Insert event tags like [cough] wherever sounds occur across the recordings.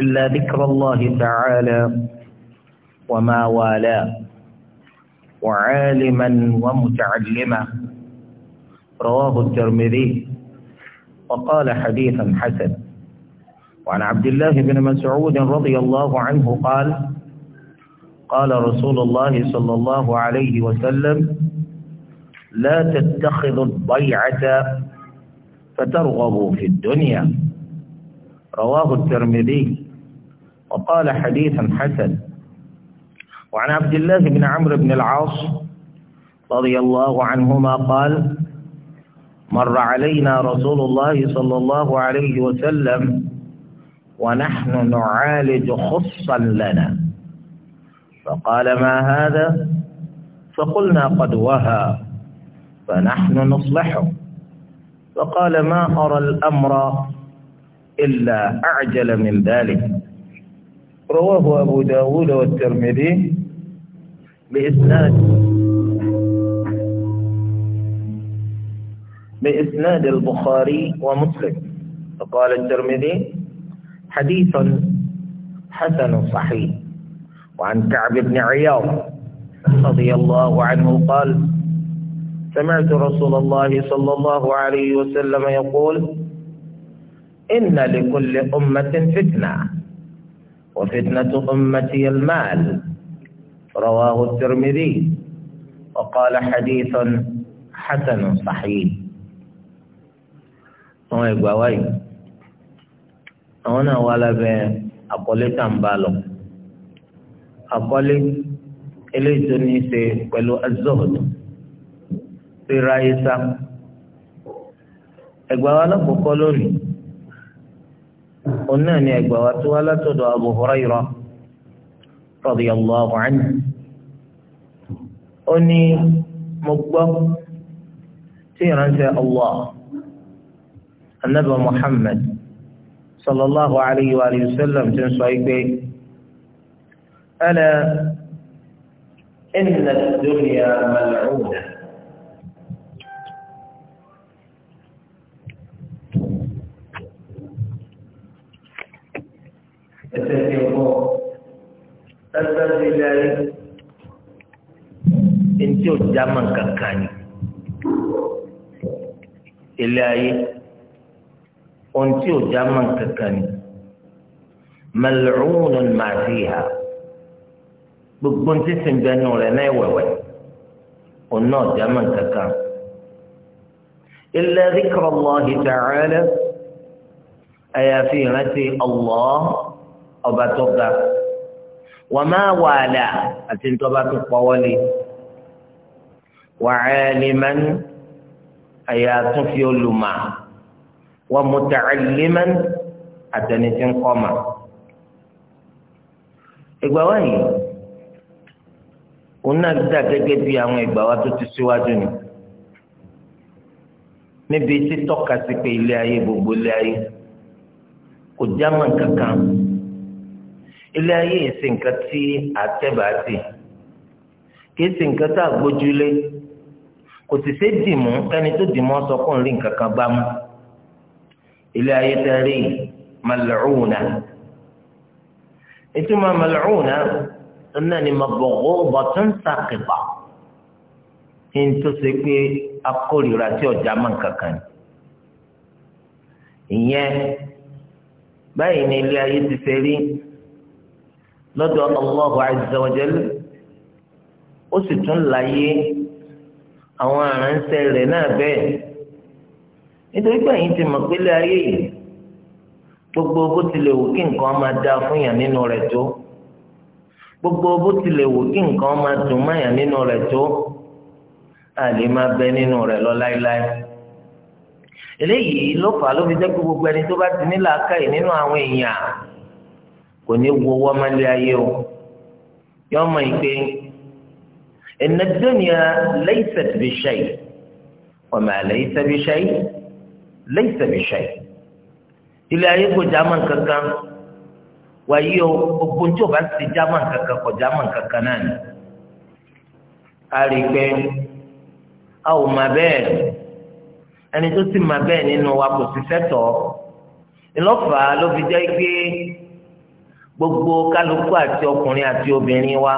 إلا ذكر الله تعالى وما والاه وعالما ومتعلما رواه الترمذي وقال حديثا حسن وعن عبد الله بن مسعود رضي الله عنه قال قال رسول الله صلى الله عليه وسلم لا تتخذوا الضيعة فترغبوا في الدنيا رواه الترمذي وقال حديثا حسن وعن عبد الله بن عمرو بن العاص رضي الله عنهما قال مر علينا رسول الله صلى الله عليه وسلم ونحن نعالج خصا لنا فقال ما هذا فقلنا قد وهى فنحن نصلحه فقال ما أرى الأمر إلا أعجل من ذلك رواه أبو داود والترمذي بإسناد بإسناد البخاري ومسلم فقال الترمذي حديث حسن صحيح وعن كعب بن عياض رضي الله عنه قال سمعت رسول الله صلى الله عليه وسلم يقول إن لكل أمة فتنة وفتنة أمتي المال رواه الترمذي وقال حديث حسن صحيح àwọn ìgbà wáyé àwọn náà wà lábẹ́ àkọlé tá ń bá lọ àkọlé eléyìí tó ní í ṣe pẹ̀lú azọhùn ríra ẹsà ẹgbà wa lọkọọkọ lónìí قلنا أن أقبوات ولا تدو أبو هريرة رضي الله عنه أني مقبض تيرا الله النبي محمد صلى الله عليه وآله وسلم تنصيبه ألا إن الدنيا ملعونة sábàbí láyé ntí ò já mọ́ kankan ni ilé ayé ohun tí ò já mọ́ kankan ni mal'unun ma fiha gbogbo ntí sì ń rẹ̀ náà wẹ̀wẹ̀ òun náà já mọ́ kankan illa dhikrullahi ta'ala àyàfi ìrántí Allah ọba tó ga wà máa wà àlà àti ntọ́ba tó pọ́wọ́lé wà àlìmán àyà tún fi olùmọ̀ wà mùtàlímán àtẹnití ńkọ́mà. ìgbà wáyé òun náà dá gẹ́gẹ́ bí àwọn ìgbà wa tó ti síwájú ni níbi títọ́ka sí pé ilé ayé gbogbo ilé ayé kò já mọ́ kankan ilé ayé èsì nǹkan tí àtẹ̀bàtì kì í sì nǹkan tá a gbójúlé kò sì ṣe dìmú ẹni tó dìmú sọ kó ń rí nǹkan kan bá mú ilé ayé tẹ́ rí ìtumọ̀ mal'una náà ni mabghudatan saqita ní tó ṣe pé akórira tí ọjà máa ń kankan ìyẹn báyìí ni ilé ayé ti fẹ́ rí lọ́dọ̀ Allahu azza wa jal ó sì tún láyé àwọn aránṣẹ́ rẹ̀ náà bẹ́ẹ̀ nítorí pé ẹ̀yin ti mọ̀ pé lé ayé yìí gbogbo bó tilẹ̀ wù kí nǹkan máa dáa fún yàn nínú rẹ̀ tó gbogbo bó tilẹ̀ wù kí nǹkan máa dùn mọ́ yàn nínú rẹ̀ tó àlè máa bẹ nínú rẹ̀ lọ láéláé eléyìí ló fà á ló fi jẹ́ gbogbo ẹni tó bá ti ní làákàyè nínú àwọn èèyàn kò ní wo wọ́mọ́lé ayé o yọ mọ̀ ìpè inna dunya laysat bi shay wa ma laysa bi shay laysa bi shay ilé ayé kò jámọ́ kankan wàyí o gbogbo tí o bá ti jámọ́ kankan kò jámọ́ kankan náà ni a rí i pé a ò mà bẹ́ẹ̀ ẹni tó ti mà bẹ́ẹ̀ nínú wa kò sì fẹ́ tọ́ ìlọ́fà ló fi jẹ́ pé. gbogbo kálukú àti ọkùnrin àti obìnrin wa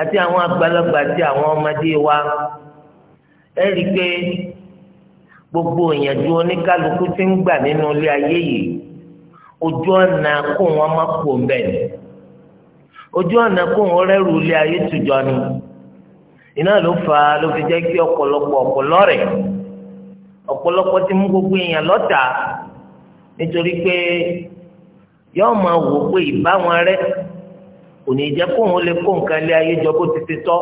àti àwọn àgbàlagbà àti àwọn ọmọdé wa ẹ rí i pé gbogbo ìyànjú oníkálukú ti ń gbà nínú ilé ayé yìí ojú ọ̀nà kó wọn má kú ojú ọ̀nà kó wọn rẹ́rù ilé ayé tùjọ ni iná ti mú gbogbo èèyàn lọ́tà nítorí yọọ máa wò pé ìbáwọn rẹ kò ní jẹ́ kóun lè kó nǹkan lé ayé jọ bó ti ti tọ́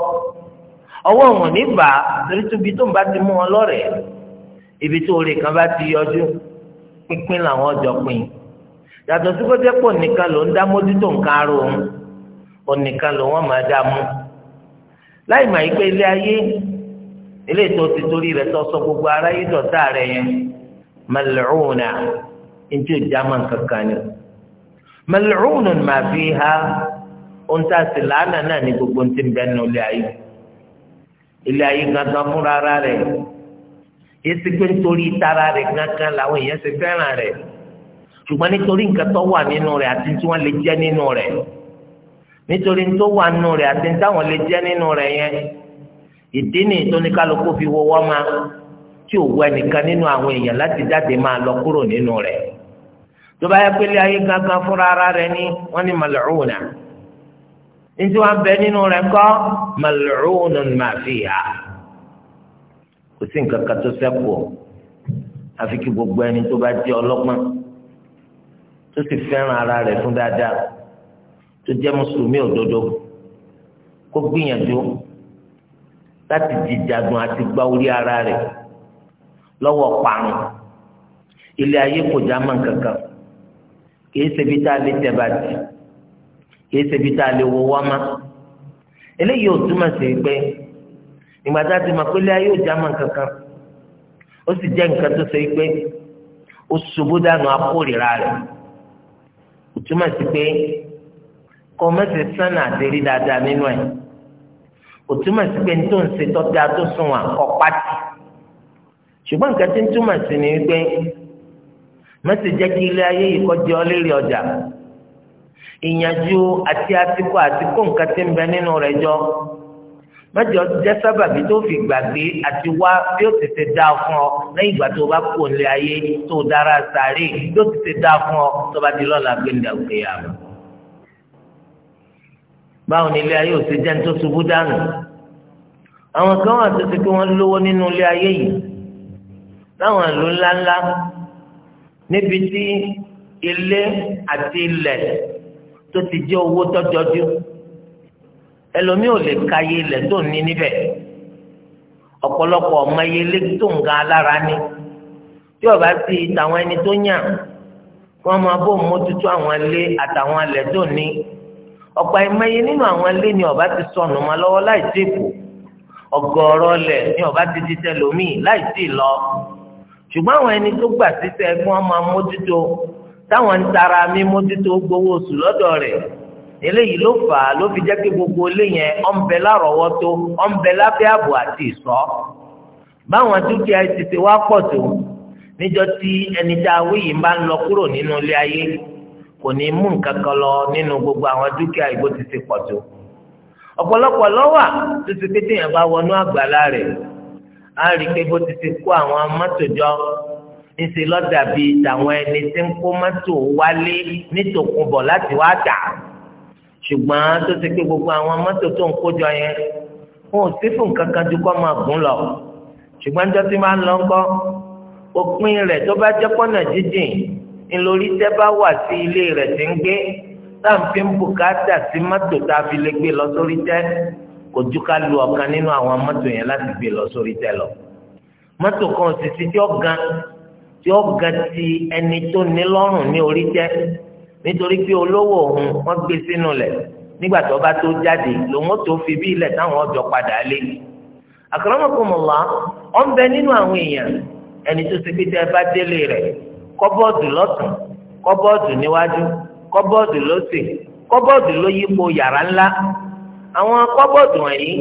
ọwọ́ wọn ní bá torí tóbi bá ti mú wọn lọ́rẹ̀ẹ́ ibi tó orí kan bá ti yọjú pínpín làwọn ọjọ́ pín sí nìkan ló ń dá mójútó nǹkan ara òun ònìkan ló mà yí pé ilé ayé ilé tó tí ò já mal'unun ma fiha ohun tá a sì lánà náà ní gbogbo ti ń bẹ nínú ilé ayé ilé ayé gangan fúnra ara rẹ̀ yéésì pé nítorí tara rẹ̀ gangan làwọn èèyàn ṣe fẹ́ràn rẹ̀ ṣùgbọ́n nítorí nǹkan tó wà nínú rẹ̀ àti tí wọ́n lè jẹ nínú rẹ̀ nítorí tó wà nínú rẹ̀ àti táwọn lè jẹ nínú rẹ̀ yẹn ìdí nìyí tó fi wọwọ máa tí ò wọ ẹnìkan nínú àwọn èèyàn láti jáde máa lọ kúrò nínú rẹ̀ tó bá yẹ pé ilé ayé gangan fúnra ara rẹ̀ ni wọ́n ní mal'una ntí wọ́n bẹ nínú rẹ̀ kọ́ mal'una ma fiha kò sí nǹkan kan tó ṣẹ́kù ọ́ àfi kí gbogbo ẹni tó bá jẹ́ ọlọ́gbọ́n tó sì fẹ́ràn ara rẹ̀ fún dáadáa tó jẹ́ mùsùlùmí òdodo kó gbìyànjú láti jìjàgùn àti gba orí ara rẹ̀ lọ́wọ́ parun ilé ayé kò já mọ́ nǹkan kan kìí ṣebi tá a lè tẹ̀ bàtì kìí ṣebi tá a lè wọ wámá eléyìí ò túmọ̀ sí pé ìgbà tá a ti mọ̀ pé lẹ́yà yóò já mọ̀ kankan ó sì jẹ́ nǹkan tó ṣe pé ó ṣubú dànù akórira rẹ̀ ò túmọ̀ sí pé kọ́ mẹ́sẹ̀ sánà àti dáadáa nínú ẹ̀ ò túmọ̀ sí pé tó ń ṣe tọ́jú àtúnṣe wọn kọ́ pátì ṣùgbọ́n nǹkan tí ń túmọ̀ sí ni wípé mẹsì jẹ́ kí ilé ayé yìí kọjá ọ lérí ọjà ìyànjú àti atikọ àti kó nǹkan tí ń bẹ nínú rẹ̀ jọ mẹjọ jẹ́ sábàbí tó fi gbàgbé àti wá bí ó ti ṣe dá fún ọ lẹ́yìn ìgbà tó o bá kó ilé ayé tó o dára sàárè bí ó ti ṣe dá fún ọ tó bá di lọ́la gbẹ̀ndà òkè àmọ́. báwo ni ilé ayé ò ṣe jẹ́ ní tó ṣubú dànù àwọn kan wà tó ṣe pé wọ́n lówó nínú ilé ayé yìí láwọn ìlú ńláńlá níbi tí ilé àti ilẹ̀ tó ti jẹ́ owó tọ́jọ́jú ẹlòmíì ò lè ka iye ilẹ̀ tó ní níbẹ̀ ọ̀pọ̀lọpọ̀ ọmọ iye ilé tó ń ga alára ni tí ọba sí tàwọn ẹni tó yàn wọn máa bó mójútó àwọn ilé àtàwọn alẹ̀ tó ní ọ̀pọ̀ ìmọ̀ye nínú àwọn ilé ni ọba ti sọnù mọ́ lọ́wọ́ láì sí ìbò ọ̀gọ̀ọ̀rọ̀ lẹ̀ ni ọba ti ti tẹ lómìn láì sí ìlọ ṣùgbọ́n àwọn ẹni tó gbà sísẹ ẹgbọn ọmọ mójútó táwọn ń tara mi mójútó gbowó oṣù lọ́dọ̀ rẹ̀ eléyìí ló fà á ló fi jẹ́ kí gbogbo ilé yẹn ọ̀nbẹ lárọ̀ọ́wọ́tó ọ̀nbẹ lábẹ́ ààbò àti ìṣọ́ báwọn dúkìá ti ti wá pọ̀ tó níjọ́ tí ẹni tá a wíyì bá ń lọ kúrò nínú ilé ayé kò ní mú nǹkan kan lọ nínú gbogbo àwọn dúkìá ìbò ti ti pọ̀ tó ọ̀pọ̀lọpọ̀ lọ́wà tó ti pété yẹn bá wọnú àgbàlá rẹ̀ á rí i pé bó ti ti kó àwọn mọ́tò jọ ńṣe lọ́dà bíi tàwọn ẹni tí ń kó mọ́tò wálé nítòkùnbọ̀ láti wá tà ṣùgbọ́n tó ti pé gbogbo àwọn mọ́tò tó ń kó jọ yẹn wọn ò sí fún nǹkan kan ju kọ́ máa gùn lọ ṣùgbọ́n níjọ́ tí máa ń lọ ńkọ́ òpin rẹ̀ tó bá jẹ́ pọ́nà jíjìn ńlórí tẹ́ bá wà sí ilé rẹ̀ tí ń gbé táà ń fi ń bùkátà sí mọ́tò tá a fi lè gbé lọ sórí tẹ́ kò ju ká lu ọ̀kan nínú àwọn mọ́tò yẹn láti gbé lọ sórí tẹ lọ mọ́tò kan sisi tí ó ga tí ó ga ti ẹni tó ní lọ́rùn ní orí tẹ nítorí pé olówó òun wọ́n gbé sínú lẹ̀ nígbà tó bá tó jáde lòun ó tó fi bí ilẹ̀ táwọn ọjọ́ padà lé akramakumullah ọ̀ ń bẹ nínú àwọn èèyàn ẹni tó ti pété bá délé rẹ̀ kọ́bọ́ọ̀dù lọ́tún kọ́bọ́ọ̀dù níwájú kọ́bọ́ọ̀dù lọ́sẹ̀ kọ́bọ́ọ̀dù ló yípo yàrá ńlá àwọn kọ́bọ̀dù wọ̀nyí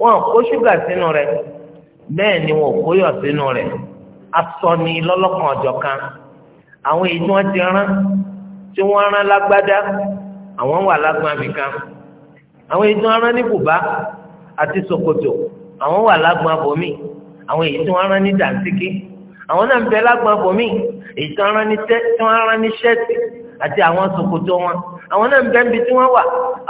wọn kó ṣúgà sínú rẹ̀ bẹ́ẹ̀ ni wọn kó yọ̀ sínú rẹ̀ asọni lọ́lọ́kan ọ̀jọ̀kan àwọn èyí tí wọ́n ti rán tí wọ́n rán lágbádá àwọn wà lágbàmì kan àwọn èyí tí wọ́n rán ní bùbá àti ṣòkòtò àwọn wà lágbọn abòmí àwọn èyí tí wọ́n rán ní dàńtíkí àwọn náà ń bẹ lágbọn abòmí èyí tí wọ́n rán ní ṣẹ́ẹ̀tì àti àwọn ṣòkòtò wọn àwọn náà ń bẹ níbi tí wọ́n wà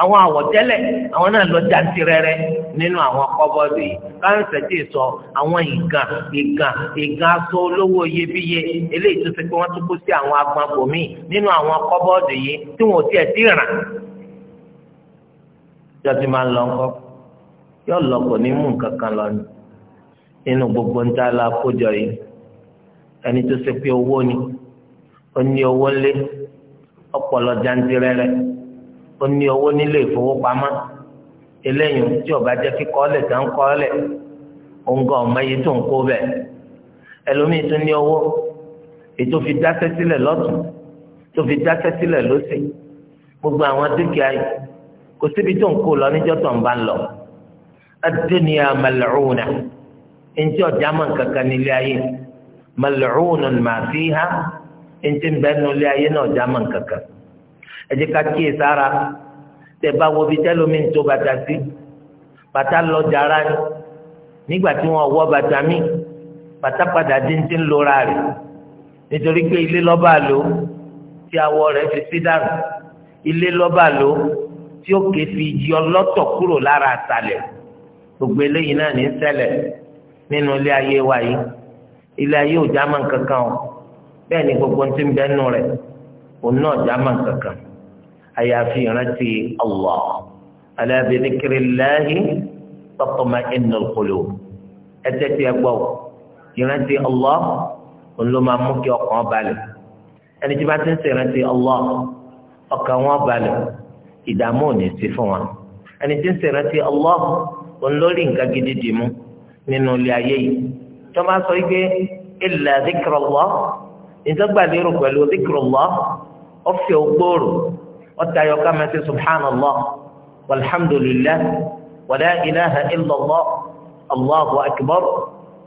àwọn àwọ̀tẹ́lẹ̀ àwọn náà lọ jáde rẹ́rẹ́ nínú àwọn kọ́bọ́ọ̀dù yìí káyọ̀sẹ̀ tí ì sọ àwọn ìgàn ìgàn ìgàn aṣọ olówó iyebíye eléyìí tó ṣe pé wọ́n tún kó sí àwọn agbọ̀nbò míì nínú àwọn kọ́bọ́ọ̀dù yìí tí wọn ò tiẹ̀ tí ì ràn. jọ́sí máa ń lọ ńkọ́ yóò lọ kò ní mú nǹkan kan lọ ni nínú gbogbo ńta la kójọ yìí ẹni tó ṣe pé owó ni ó ní owó ńlé ọpọlọ jantirẹrẹ ó ní owó nílé ìfowópamọ́ eléyìí tí ọba jẹ́ kíkọ́lẹ̀ tó ń kọ́lẹ̀ òǹgà ọ̀mọye tó ń kó bẹ̀ ẹlòmíì tó ní owó ètò fi dáṣẹ́ sílẹ̀ lọ́tún tó fi dáṣẹ́ sílẹ̀ lọ́sì gbogbo àwọn dúkìá yìí kò síbi tó ń kó lọ níjọ́ tó ń bá lọ ad-dunya mal'una ntí ọjà mọ̀ kankan nílé ayé mal'una ma fiha eŋti bẹ́ẹ̀ nulẹ̀ ayé náà já mọ̀ kankan ẹ jẹ́ ká kíyè sára tẹ bá wọ bí tẹ́lómi tó bàtà sí bàtà lọ jàrá ni nígbà tí wọ́n wọ bàtà mi bàtà padà dé ń ti ń lora rẹ̀ nítorí pé ilé lọ́ba lò tí awọ rẹ̀ fi sí dànù ilé lọ́ba lò tí ó ké fi yọ lọ́tọ̀ kúrò lára àtàlẹ̀ gbogbo eléyìí náà ní ṣẹlẹ̀ nínú ilé ayé wa yìí ilé ayé ò já kankan o bẹ́ẹ̀ ni gbogbo ti ń bẹ́nu rẹ̀ òun náà já mà kankan àyàfi ìrántí Allah ala bi dhikrillahi tatma'innul qulub ẹtẹ́ tí ẹ gbọ́ ìrántí Allah òun ló máa mú kí ọkàn balẹ̀ ẹni tí bá ti ń ṣèrántí Allah ọkàn wọn balẹ̀ ìdààmú ò ní sí fún wa ẹni tí ń ṣèrántí Allah òun ló nǹkan gidi dì mú nínú ilé ayé yìí tó máa sọ yìí pé illa dhikrullah ìtọ́gbàlérò pẹ̀lú zikrullah ọ̀fẹ́ ògbóòrò ọ̀tayọ̀ kàmẹ́sì subhanallah walhamdulillah wàlá ilaha illallah allahu akbar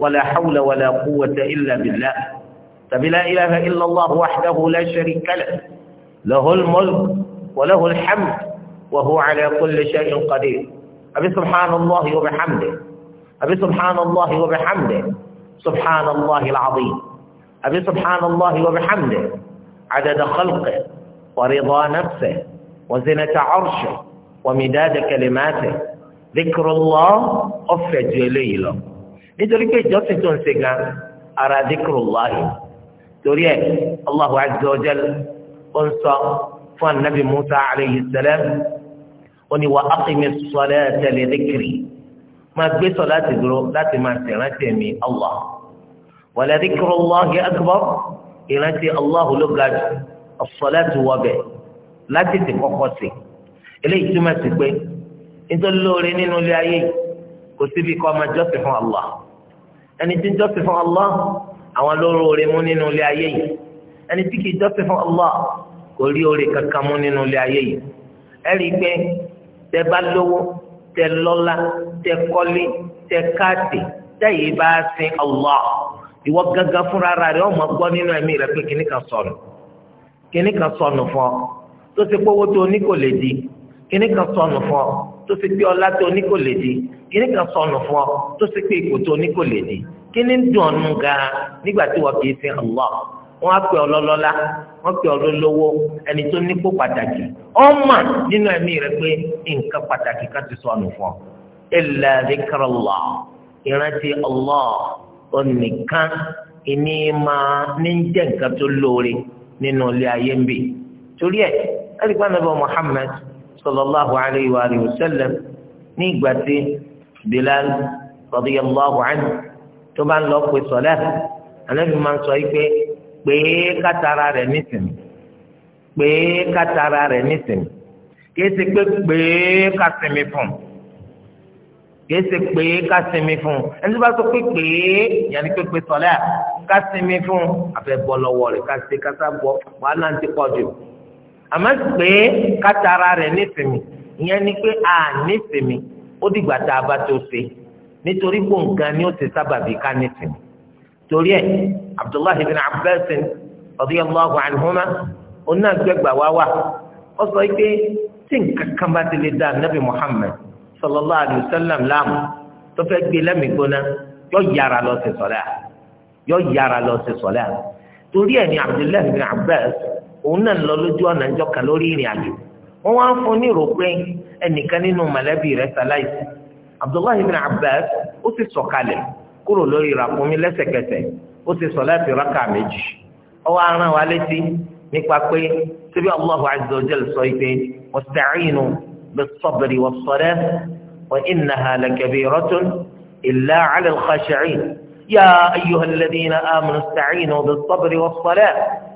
wàlá hawla wàlá quwwata illa billah tàbí la ilaha illallah wàhdahu la sharika lah lahul mulk walahul hamd wa huwa ala kulli shay'in qadir abi subhanallah wa bihamdihi abi subhanallah wa bihamdihi subhanallah al-azim. أبي سبحان الله وبحمده عدد خلقه ورضا نفسه وزنة عرشه ومداد كلماته ذكر الله أفج ليله nítorí pé ìjọsìn tó ń ṣe gan ara zikirullahi torí ẹ Allahu azza wa jal ó ń sọ fún anabi Musa alayhi salam ó ní wa aqimi salata li dhikri máa gbé sọ láti dúró láti máa ṣèrántí mi Allah. ولذكر الله أكبر إلتي الله لقد الصلاة وبه لا تتفقسي إليه تمسك إنت اللوري نينو لأيه كسبي كما جسف الله أني تنجسف الله أو اللوري منينو لأيه أني تكي جسف الله كوليوري ككامونينو لأيه ألي بي تبالو تلولا تكولي تكاتي تيباسي الله ìwọ gángan fúnra ara rẹ ọmọ gbọ́ nínú ẹ̀mí rẹ pé kíní kan sọnù kíní kan sọnù fún ọ tó ṣe pé owó tó ní kò lè di kíní kan sọnù fún ọ tó ṣe pé ọlá tó ní kò lè di kíní kan sọnù fún ọ tó ṣe pé ipò tó ní kò lè di kíní dùn ọ̀nù gan nígbà tí wọ́n kì í sin Allah wọ́n á pè ọ lọ́lọ́lá wọ́n pè ọ lọ́lọ́wọ́ ẹni tó nípò pàtàkì ọmọ nínú ẹ̀mí rẹ pé nǹkan pàtàkì kan ti sọnù fún ọ onìkan ìní máa ní jẹ́ nǹkan tó lóore nínú ilé ayé ń bì torí ẹ̀ ẹ̀ríkà nàbà Muhammad sallallahu alayhi wa alihi wa sallam ní ìgbà tí Bilal radiyallahu anhu tó bá ń lọ pé sọlẹ ànábì máa ń sọ yìí pé pé kátara rẹ̀ nísìnyí pé kátara rẹ̀ nísìnyí kí ẹ ti pé pé kásìmí fún un kìí ṣe pé ká sinmi fún un ẹni tó bá sọ pé pé yàní pé pé sọlẹ́ ká sinmi fún un àfẹ́ bọ́ lọ́wọ́ rẹ̀ ká ṣe kásá bọ́ wàhálà ń ti pọ̀ jù àmọ́ pé ká tara rẹ̀ nífẹ̀mí ìyẹn ni pé a nífẹ̀mí ó dìgbà tá a bá tó ṣe nítorí pé nǹkan ni ó ti sábàbí ká nífẹ̀mí torí ẹ̀ Abdullahi ibn Abbas radiyallahu anhuma onáàgbẹ́gbà wá wà ó sọ pé tí nǹkan kan bá ti lè dá Nabi Muhammad sallallahu alayhi wa sallam láàmú tó fẹ́ gbé lẹ́mìí gbóná yọ yára lọ sí sọlá yọ yára lọ sí sọlá torí ẹ̀ ní abdullahi bin abbas òun náà lọ lójú ọ̀nà ìjọ kan lórí ìrìn àjò wọn wá ń fún ní rò pé ẹnìkan nínú mọ̀lẹ́bí rẹ̀ ṣaláìsí abdullahi bin abbas ó sì sọ̀kalẹ̀ kúrò lórí ìràkúnmí lẹ́sẹ̀kẹsẹ̀ ó sì sọ láti rákà méjì ó wá wa létí nípa pé síbi allahu azza wa jalla sọ pé wasta'inu بالصبر والصلاة وإنها لكبيرة إلا على الخاشعين يا أيها الذين آمنوا استعينوا بالصبر والصلاة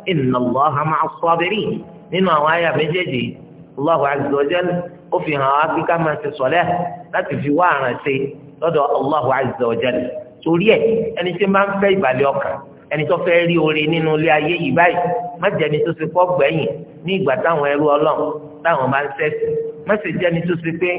إن الله مع الصابرين مما وآية مجدي الله عز وجل وفيها آفك ما في الصلاة لا تفوانا شيء لدى الله عز وجل سوريا أن يسمى في باليوكا ẹni tó fẹ́ rí oore nínú ilé ayé yìí báyìí má jẹ́ ẹni tó ti fọ́ gbẹ̀yìn ní ìgbà táwọn ẹrú ọlọ́run táwọn bá ń sẹ́sì mẹ́sì jẹ́ ni tó ṣe pé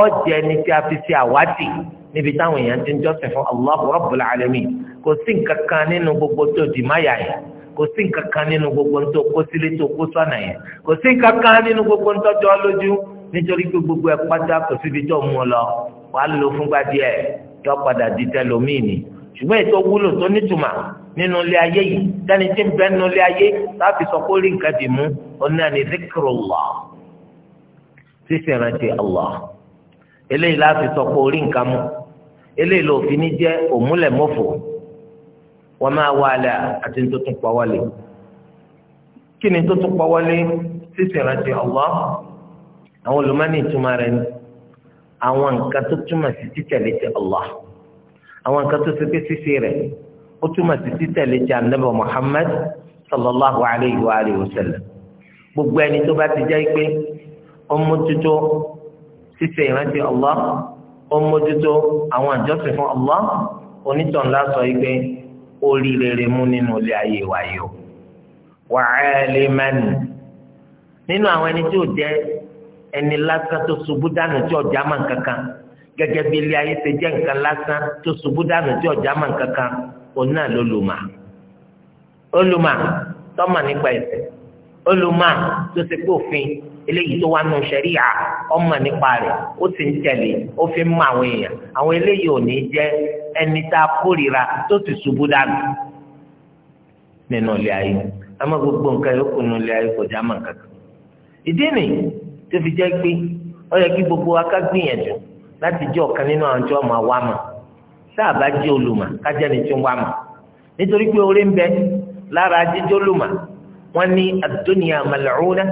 ọ jẹ́ ni tí a fi ṣe àwádìí níbi táwọn èèyàn ti ń jọ́sìn fún Allahu Rabbul Alamin kò sí nǹkan kan nínú gbogbo tó di máyà yẹn kò sí nǹkan kan nínú gbogbo tó kó sílé tó kó sọ́nà yẹn kò sí nǹkan kan nínú gbogbo tó jọ lójú nítorí pé gbogbo ẹ̀ pátá kò síbi tó mú ọ lọ wàá lò fúngbà díẹ̀ yọ padà di tẹlómìn ni ṣùgbọ́n ètò wúlò tó nítumọ̀ nínú ilé ayé yìí dání tí ń bẹ nínú ilé ayé láti sọ pé rí nǹkan dì mú ọ náà ní zikrullah sísè rántí Allah eléyìí láti sọ pé orí nǹkan mú eléyìí ló fi ní jẹ́ òmúlẹ̀mọ́fò wọ́n máa wá alẹ́ àti tó tún pa wọlé kí ni tó tún pa wọlé sísè rántí Allah àwọn olùmọ́ni ìtumọ̀ rẹ̀ ni àwọn nǹkan tó túmọ̀ sí títẹ̀lé ti Allah àwọn nǹkan tó ṣe pé sísè rẹ̀ ó túmọ̀ sí títẹ̀lé ti anabi Muhammad sallallahu alayhi wa sallam gbogbo ẹni tó bá ti jẹ́ pé ó mójútó ṣíṣe ìrántí Allah ó mójútó àwọn àjọsìn fún Allah onítàn lásọ igbe oríire mú nínú ilé ayé wáyé o wàhálẹ́ mẹ́nu nínú àwọn ẹni tí ò jẹ́ ẹni lásán tó ṣubú dànù tí ọjà máa ń kankan gẹ́gẹ́ bí ilé ayé ṣe jẹ́ nǹkan lásán tó ṣubú dànù tí ọjà máa ń kankan òun náà ló lù nípa ẹ̀sẹ̀ ó tó ṣe pé òfin eléyìí tó wà nù sẹ́ríà ọmọ nípa rẹ̀ ó sì ń tẹ̀lé ó fi ń mọ àwọn èèyàn àwọn eléyìí ò ní jẹ́ ẹni tá a kórìíra tó sì ṣubú dànù nínú ilé ayé àmọ́ gbogbo nǹkan yòókù nínú ilé ayé kò já nǹkan kan ìdí nìyí tó fi jẹ́ pé ó yẹ kí gbogbo wa ká gbìyànjú láti jẹ́ ọ̀kan nínú àwọn tí wọ́n máa wá mọ̀ sáà bá jẹ́ olùmọ̀ ni tí ń wá mọ̀ nítorí pé orí ń bẹ lára jíjọ́ olùmọ̀ wọ́n ní ad-dunya mal'una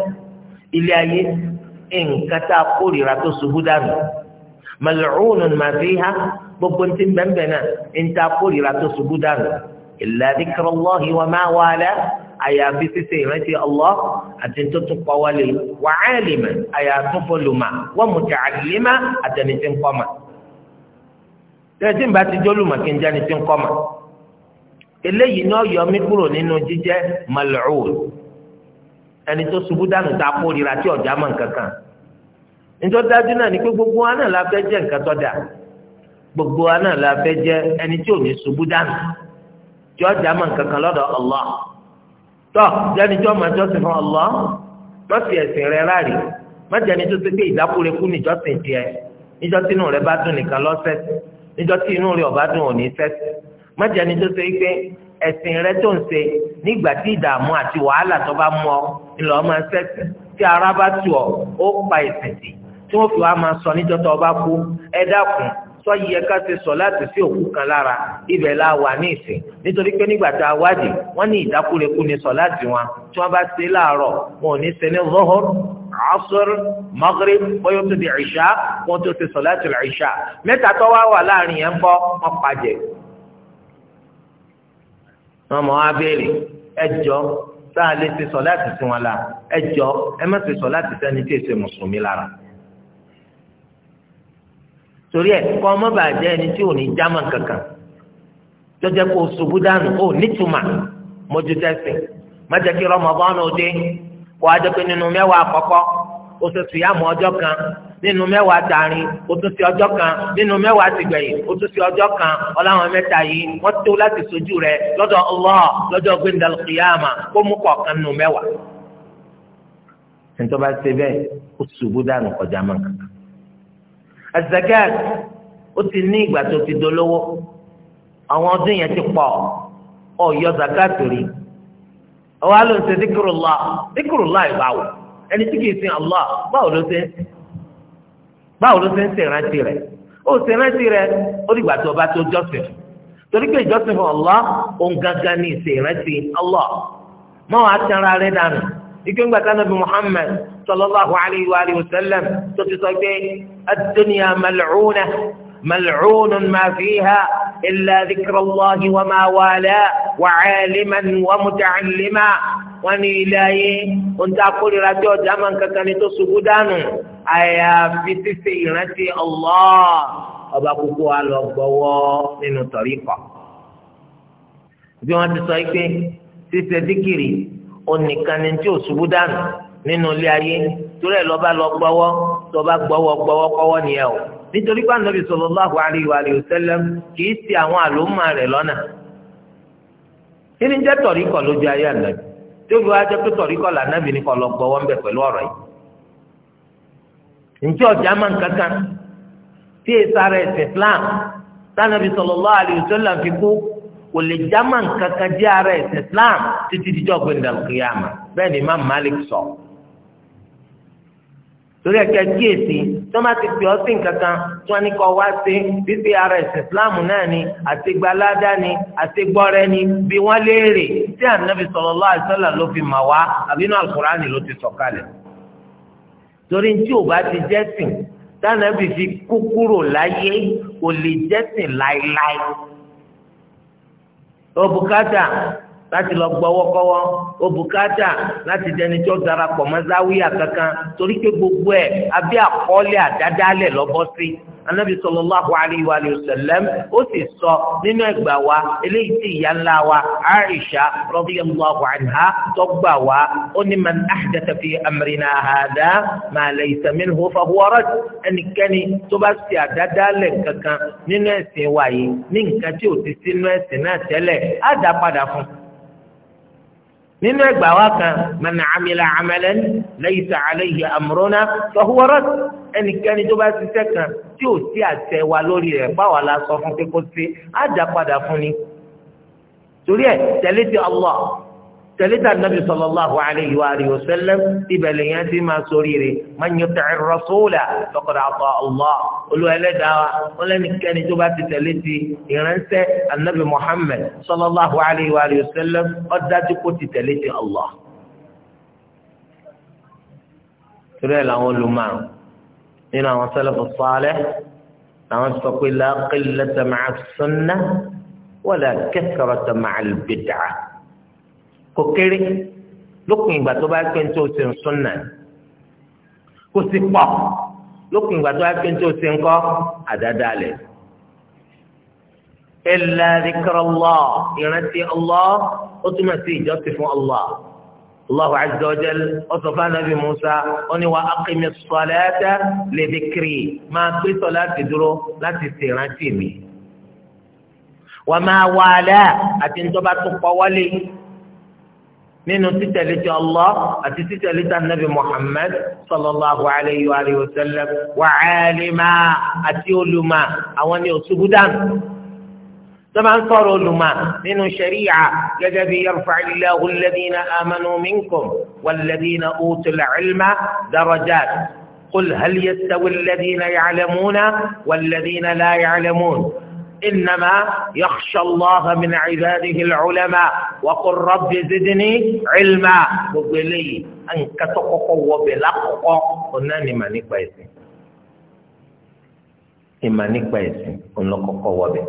ilé ayé nǹkan tá a kórìíra tó ṣubú dànù mal'unun ma fiha gbogbo ntí bẹ́ẹ̀nbẹ́ẹ̀ náà nta kórìíra tó ṣubú dànù illa dhikrallahi wa ma wala àyàfi ṣíṣe ìrántí Allah àti tuntun pọ̀wálé wa 'aliman àyàtúfọ̀lùmà wa muta'allima àtẹnití nkọ́mà tẹ̀sí ń bá ti jólùmọ̀ kí n eléyìí ni ó yọ kúrò nínú jíjẹ́ mal'un ẹni tó ṣubú dànù tá a kórira tí ọ̀já mọ̀ nkankan nítorí dájú náà ni pé gbogbo wa náà la fẹ́ jẹ́ nǹkan tó dà gbogbo wa náà la fẹ́ jẹ́ ẹni tí ò ní ṣubú dànù tí ọ̀já mọ̀ nkankan lọ́dọ̀ Allah tọ́ jẹ́ni tí ọmọ ẹjọ́sìn fún Allah má fi ẹ̀sìn rẹ láàrí má jẹ́ni tó ti gbé ìdákúrekú níjọ́sìn tiẹ̀ níjọ́ tí inú rẹ bá dùn nìkan lọ́sẹ̀ níjọ́ tí inú rẹ ò bá dùn òní sẹ́sẹ̀ má jẹ́ni tó ti gbé ẹ̀sìn rẹ tó ń ṣe nígbà tí ìdààmú àti wàhálà tó bá mú ọ ńlọ ọmọ ṣẹ́sìn tí ara bá tù ọ ó pa ẹ̀sìn tì tí wọ́n fi wá máa sọ níjọ́ tó bá kú ẹ dákun sọ yẹ ká ṣe sọ láti sí òkú kan lára ibẹ̀ la wà ní ìsìn nítorí pé nígbà tá a wádìí wọ́n ní ìdákúrekú ni sọ láti wọn tí wọ́n bá ṣe láàárọ̀ wọn ò ní ṣe ní zuhur asr maghrib bóyá tó di ìṣá wọn tó ṣe sọ láti ìṣá mẹ́ta tó wá wà láàrin yẹn ń bọ́ wọn pàjẹ́ wọn mọ wá béèrè ẹjọ tá a lè ṣe sọ láti sí wọn la ẹjọ ẹ má ṣe sọ láti sẹni tí èsè mùsùlùmí lára torí ẹ kọ́ ọmọ bàjẹ́ ẹni tí ò ní jámà kankan jọjẹ kó o ṣubú dànù ó nítumà mójútó ẹsìn má jẹ́ kí rọmọbọ́n ó dé kó a jẹ́ pé nínú mẹ́wàá àkọ́kọ́ ó ṣe sùyàmù ọjọ́ kan nínú mẹ́wàá tààrin ó tún sí ọjọ́ kan nínú mẹ́wàá tìgbẹ̀yìn ó tún sí ọjọ́ kan ọláwọn mẹ́ta yìí wọ́n tó láti sojú rẹ lọ́dọ̀ Allah lọ́jọ́ gbẹ̀ndàlù kìyàmà kó mú kọ̀ọ̀kan nínú mẹ́wàá. ẹ̀ńtọ́ bá ṣe bẹ́ẹ̀ ó ṣubú dànù kọjá mọ́ kankan. az-zakat ó ti ní ìgbà tó ti dolówó àwọn ọdún yẹn ti pọ̀ ọ̀yọ́ zakat rí ọwọ́ àlọ́ ń ṣe díkùrùlá díkùrùlá Allah báwo ló báwo ló ṣe ń ṣèrántí rẹ̀ ó ṣèrántí rẹ̀ ó dìgbà tó o bá tó jọ́sìn torí pé ìjọ́sìn fún Allah òun gangan ní ìṣèrántí Allah mọ́ wàá tẹ́ra rẹ̀ dànù ike ńgbà kan nabi Muhammad sallallahu alayhi wa alihi wa sallam tó ti sọ pé ad-dunya mal'una mal'una ma fiha illa dhikrullahi wa ma wala wa 'aliman wa muta'allima wọn ní ilé ayé ohun tá a kórira tí ọjà máa ń kankan ní tó ṣubú dànù àyàfi ṣíṣe ìrántí Allah ọba kúkú wa lọ gbọ́wọ́ nínú tọ̀ríkọ̀ bí wọ́n ti sọ pé ṣíṣe díkìrì onìkan ni tí ò ṣubú dànù nínú ilé ayé torí ẹ̀ lọ́ba lọ gbọ́wọ́ tọba gbọ́wọ́ gbọ́wọ́ kọ́wọ́ nìyẹn o nítorí pé ànábì sallallahu alaihi wa alihi wasallam kì í àwọn àlòmọ́ rẹ̀ lọ́nà kí ni jẹ́ tọ̀ríkọ̀ lójú ayé ànábì tí ó fi wá jẹ́ pé tọ̀rí kọ́ là nábì ní kọ́ lọ gbọ́ wọ́n pẹ̀lú ọ̀rọ̀ yìí ǹjẹ́ ọ̀jà máa ń kankan tí èsì ara ẹ̀sìn Islam tánàbí sallallahu alaihi wasallam fi kú kò lè já máa ń kankan jẹ́ ara ẹ̀sìn Islam títí díjọ́ gbẹ̀ndàlùkìyàmà bẹ́ẹ̀ ni Imam Malik sọ. So torí ẹ̀kẹ́ kíyèsí tó má ti fi ọtí nǹkankan tí wọ́n ní kọ́ wá sí bíbí ara ẹ̀sìn ìsìláàmù náà ni àti ni àti ni bí wọ́n léèrè tí ànábì sallallahu alaihi wasallam ló fi mà wá àbínú àlùkùránì ló ti sọ̀kalẹ̀. torí tí ò bá ti jẹ́sìn tánàbì fi kú kúrò láyé kò lè jẹ́sìn láéláé. òbúkátà láti lọ gbọ́wọ́ kọ́wọ́ ó bùkátà láti dẹni tó darapọ̀ mọ́ záwíyà kankan torí pé gbogbo ẹ̀ abẹ́ àkọọ́lẹ̀ àdádálẹ̀ lọ́bọ́ sí anabi sallallahu alayhi wa sallam ó sì sọ nínú ẹgbà wa eléyìí tí ìyá ńlá wa aisha radiyallahu anha tó gbà wá ó ní man ahdatha fi amrina hadha ma laysa minhu fa huwa rad ẹnikẹ́ni tó bá ṣe àdádálẹ̀ kankan nínú ẹ̀sìn wa ní nǹkan tí ò ti sínú ẹ̀sìn náà tẹ́lẹ̀ á dá padà fún un nínú ẹgbà wa kan man amila amalan laysa alayhi amruna fahuwa rad ẹnikẹ́ni tó bá ṣiṣẹ́ kan tí ò sí àṣẹ wa lórí rẹ̀ báwa la sọ fún pé kó ṣe á dá padà fún ni torí ẹ̀ tẹ̀lé ti Allah. tẹ̀lítà nàbì sallallahu alayhi wa alihi wa sallam ìbẹ̀lẹ̀ yẹn ti máa sórí rẹ̀ man yuti'i rasula laqad ata Allah olùwẹ̀lẹ́dàá wọn lẹ́nikẹ́ni tó bá ti tẹ̀lé ti ìránṣẹ́ anabi Muhammad sallallahu alayhi wa alihi wa sallam ọ̀dájú kó ti tẹ̀lé ti Allah. torí ẹ̀ làwọn olùmọ̀ nínú àwọn salafu salih làwọn sọ pé la qillata ma'a sunnah wala kathrata ma'a al-bid'ah. kò kéré lókun ìgbà tó bá pé tó ṣe ń súnà kò sì pọ̀ lókun ìgbà tó bá pé tó ṣe ń kọ́ àdáda lẹ̀. illa dhikrullah ìrántí Allah ó túmọ̀ sí ìjọsìn fún Allah. الله عز وجل وصف نبي موسى أني وأقم الصلاة لذكري ما في صلاة درو لا تستيران تيمي وما والا أتنتبت قولي nínú títẹ̀lé ti Allah àti títẹ̀lé ti anabi Muhammad sallallahu alayhi wa alihi wa sallam wa alima àti olùmọ̀ àwọn ni òṣùbù dànù tọ́ba ń sọ̀rọ̀ olùmọ̀ nínú sẹ̀ríyà gẹ́gẹ́ bí yarfa'u llahu alladhina amanu minkum walladhina utul ilma darajat. قل هل يستوي الذين يعلمون والذين لا يعلمون إنما يخشى الله من عباده العلماء وقل رب زدني علما gbogbo أن كتقق وبلقق kọ́kọ́ ما lákọ̀ọ́kọ́ ọ̀nà إما mà nípa ẹ̀sìn ìmà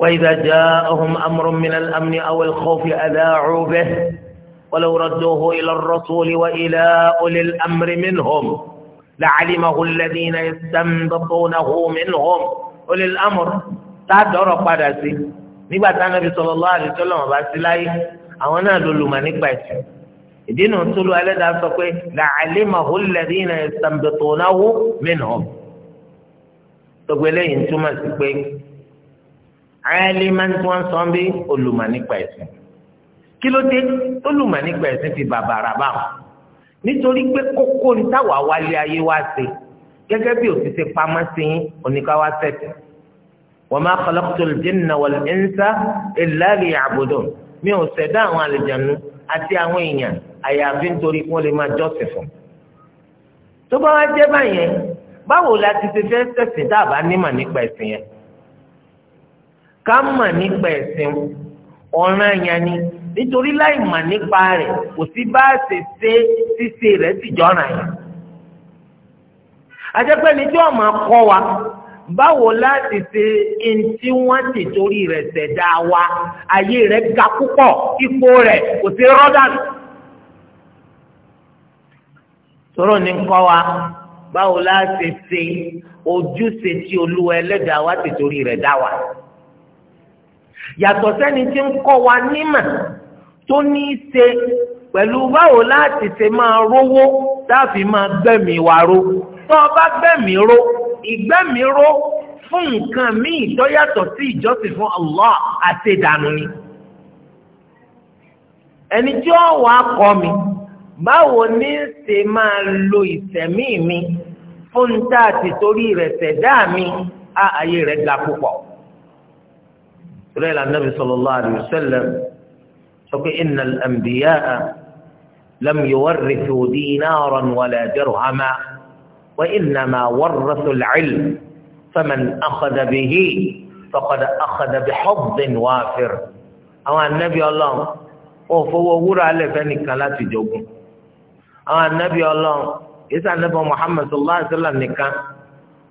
وإذا جاءهم أمر من الأمن أو الخوف أذاعوا به ولو ردوه إلى الرسول وإلى أولي الأمر منهم لعلمه الذين يستنبطونه منهم olè lámùrù ládọ̀rọ̀ padà sí nígbà tí anabi sallallahu alaihi wasallam bá sí láyé àwọn náà ló lùmọ̀ nípa ẹ̀sìn ìdí nu tó lu ẹlẹ́dàá sọ pé la'alimahu alladhina yastanbitunahu minhum gbogbo eléyìí ń túmọ̀ sí pé aliman tí wọ́n sọ ń bí olùmọ̀ nípa ẹ̀sìn kí ló dé olùmọ̀ nípa ẹ̀sìn fi bàbàrà báwọn nítorí pé kókó ní táwa wálé ayé wá sí i gẹ́gẹ́ bí òsì ṣe pamọ́ sí yín oníkáwá sẹ́tì wa ma khalaqtul jinna wal insa illa liya'budun mi ò ṣẹ̀dá àwọn àlejànú àti àwọn èèyàn àyàfi nítorí kí wọ́n lè máa jọ́sìn fún. tó bá wá jẹ́ báyẹn báwo la ti ṣe fẹ́ sẹ̀sìn tá a nípa ẹ̀sìn yẹn ká mọ̀ nípa ẹ̀sìn ọ̀ràn yẹn ni nítorí láì mọ̀ nípa rẹ̀ kò sí bá a ṣe ṣe ṣíṣe rẹ̀ sì jọ́ràn yẹn ajẹ́pẹ́ ni tí ọmọ kọ́ wa báwo láti ṣe ẹni tí wọ́n ti torí rẹ̀ ṣẹ̀dá wa ayé rẹ̀ ga púpọ̀ ipò rẹ̀ kò sí rọ́dàlù. sọ̀rọ̀ ní kọ́ wa báwo láti ṣe ojúṣe tí olúwa ẹlẹ́dàá wa ti torí rẹ̀ dá wa. yàtọ̀ sẹ́ni tí ń kọ́ wa nímọ̀ tó ní í ṣe pẹ̀lú báwo láti ṣe máa rówó táàfin máa gbẹ̀mí wa ró tọ́ ọba gbẹ̀míró ìgbẹ̀míró fún nǹkan míì tó yàtọ̀ sí ìjọsìn fún Allah àti ìdànù ni ẹni tí ó wà á kọ́ mi báwo ní ṣe máa lo ìsẹ̀mí mi fún tá a ti torí rẹ̀ ṣẹ̀dá mi á ayé rẹ̀ ga púpọ̀ rẹ́lá nàbì sallallahu alayhi wa sallam sọ pé innal anbiya'a lam yuwarrithu dinaran وإنما ورثوا العلم فمن أخذ به فقد أخذ بحظ وافر أو النبي الله وفو ورع لفنك لا تجوبون أو النبي الله إذا النبي محمد صلى الله عليه وسلم نكان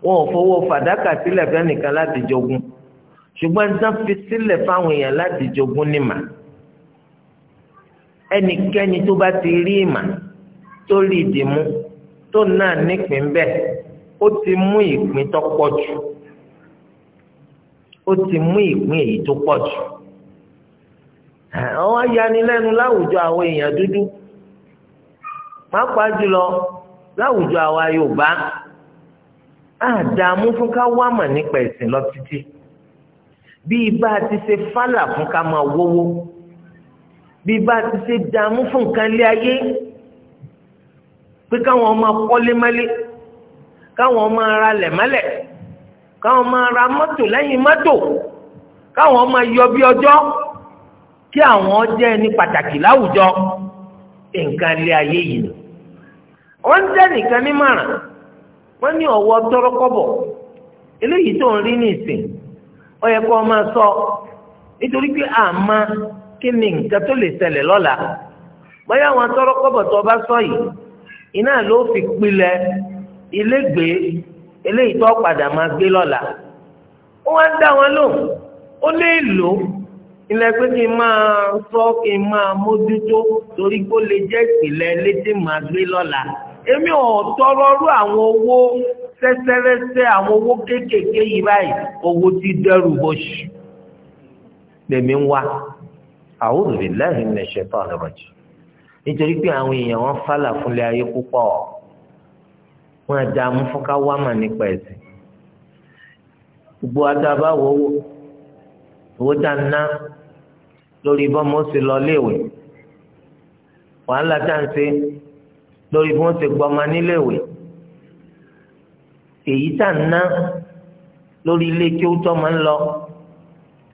wọn ò fowó fàdákà sílẹ̀ fẹ́nìkan láti jogún ṣùgbọ́n tán fi sílẹ̀ fáwọn èèyàn láti jogún nímà ẹnikẹ́ni tó tó náà nípìn bẹ́ẹ̀ ó ti mú ìpín tó pọ̀ jù ó ti mú ìpín èyí tó pọ̀ jù àwọn ayanilẹ́nu láwùjọ àwọn èèyàn dúdú pàápàá jùlọ láwùjọ àwa Yorùbá àdààmú fún ká wá mà nípa ẹ̀sìn lọ títí bí ibà ti ṣe fálà fún ká máa wówó bí ibà ti ṣe dààmú fún nǹkan lé ayé. pé káwọn ọmọ kọ́lémálé káwọn ọmọ ara lẹ̀mọ́lẹ̀ káwọn ọmọ ara mọ́tò lẹ́yìn mọ́tò káwọn ọmọ yọ bí ọjọ́ kí àwọn jẹ́ ẹni pàtàkì láwùjọ nǹkan ilé ayé yìí ni wọ́n jẹ́ nìkan nímọ̀ràn wọ́n ní ọ̀wọ́ tọ́rọ́kọ́bọ̀ eléyìí tó ń rí ní ìsìn máa sọ nítorí pé àmọ́ kí ni nǹkan tó lè ṣẹlẹ̀ lọ́la àwọn tó bá sọ yìí iná ló fi pilẹ̀ ilégbèé eléyìí tó padà máa gbé lọ́la ó wá ń dá wọn lóhùn ó lè lò ó ilẹ̀ pé kí n máa sọ kí n máa mójútó torí kó lè jẹ́ ìpìlẹ̀ létí máa gbé lọ́la èmi ò tọrọ àwọn owó sẹsẹrẹsẹ àwọn owó kéékèèké yìí báyìí owó ti dẹrù bóṣù lèmi ń wá a'udhu billahi minash shaitani rajim nítorí pé àwọn èèyàn wọn fàlà fúnlé ayé púpọ̀ wọn dààmú fúnká wámà nípa ẹ̀sìn gbogbo adaba wo owó tá a ná lórí bọ́n mo sì lọ léèwé wàhálà tá à ń ṣe lórí bí wọ́n ti gbọ́mọ níléèwé èyí tá à ná lórí ilé kí ó tọ́mọ ń lọ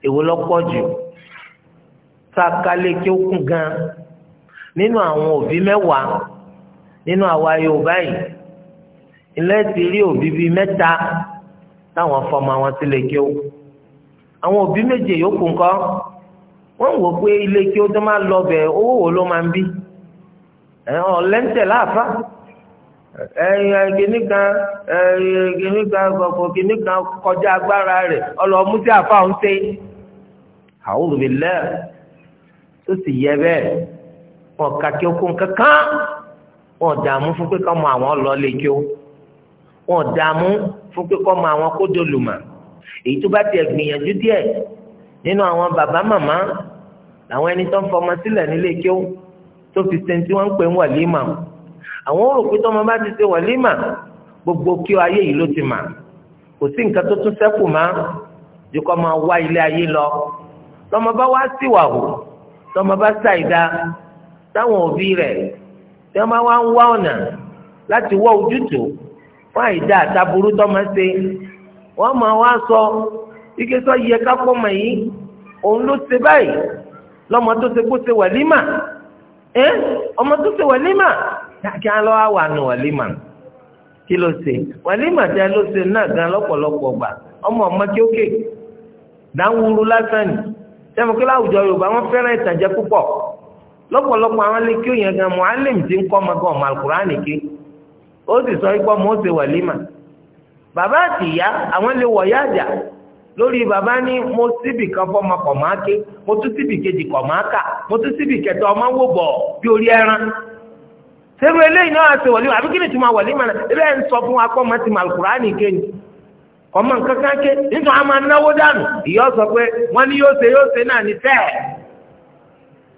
èwo lọ́pọ̀ jù tá a kálé kí ó kún gan nínú àwọn òbí mẹ́wàá nínú àwa Yorùbá yìí ilé ti rí òbí bíi mẹ́ta táwọn fọmọ àwọn ti lè kí o àwọn òbí méje yòókù ńkọ́ wọ́n wò pé ilé kí o tó máa lọ bẹ̀ owó wo ló máa ń bí ọ̀lẹ́ńtẹ̀ láàfáà ẹyin kìíní kan ẹyin kìíní kan kọkọ kọjá agbára rẹ ọlọmú tí àfa ń ṣe àwòrán lẹ tó sì yẹ bẹ́ẹ̀ wọn kà kí ó kún kankan wọn dààmú fún pé kọ́ mọ àwọn lọ́ọ́lé kí ó wọn dààmú fún pé kọ́ mọ àwọn kódò lùmà èyí tó bá tiẹ̀ gbìyànjú díẹ̀ nínú àwọn bàbá màmá làwọn ẹni tó ń fọmọ sílẹ̀ nílé kí ó tó fi ṣe tí wọ́n ń pè ń wàlímà àwọn rò pé tọ́mọ bá ti ṣe wàlímà gbogbo kí ó ayé yìí ló ti mà kò sí nǹkan tó tún sẹ́kù mọ́ ju kọ́ máa wá ilé ayé lọ tọ́mọ bá wá síwàhù tọ́mọ bá ṣàìdá táwọn òbí rẹ̀ tí wọ́n bá wá ń wá ọ̀nà láti wá ojútùú wọ́n àìdá àtàbúrú tọ́mọ ṣe wọ́n máa wá sọ ike sọ yẹ kápọ́mọ yìí òun ló ṣe báyìí lọ́mọ tó ṣe kó ṣe wàlímà ẹ́ ọmọ tó ṣe wàlímà kí á lọ́ wà nù wàlímà kí ló ṣe wàlímà tí a ló ṣe náà gan lọ́pọ̀lọpọ̀ gbà ọmọ ọmọ kí ó kè dáhùn urú lásán ni sẹ́mi kí láwùjọ Yorùbá wọ́n fẹ́ràn ìtànjẹ púpọ̀ lọ́pọ̀lọpọ̀ àwọn lè kí òyìn gan mu'allim ti ń kọ́ ọmọ gan ọmọ alukur'ani ké ó sì sọ ikọ́ mọ́ ó ṣe wàlímà bàbá àti ìyá àwọn lè wọ̀ yáàjà lórí bàbá ní mo síbì kan fọmọ kọ̀ máa ké mo tún síbì kejì kọ̀ máa kà mo tún síbì kẹta ọmọ wò bọ̀ ẹran ma náà ebe ń sọ fún akọ́ ọmọ ma alukur'ani ké ni ọmọ nǹkan kan ké nítorí a máa náwó dànù ọ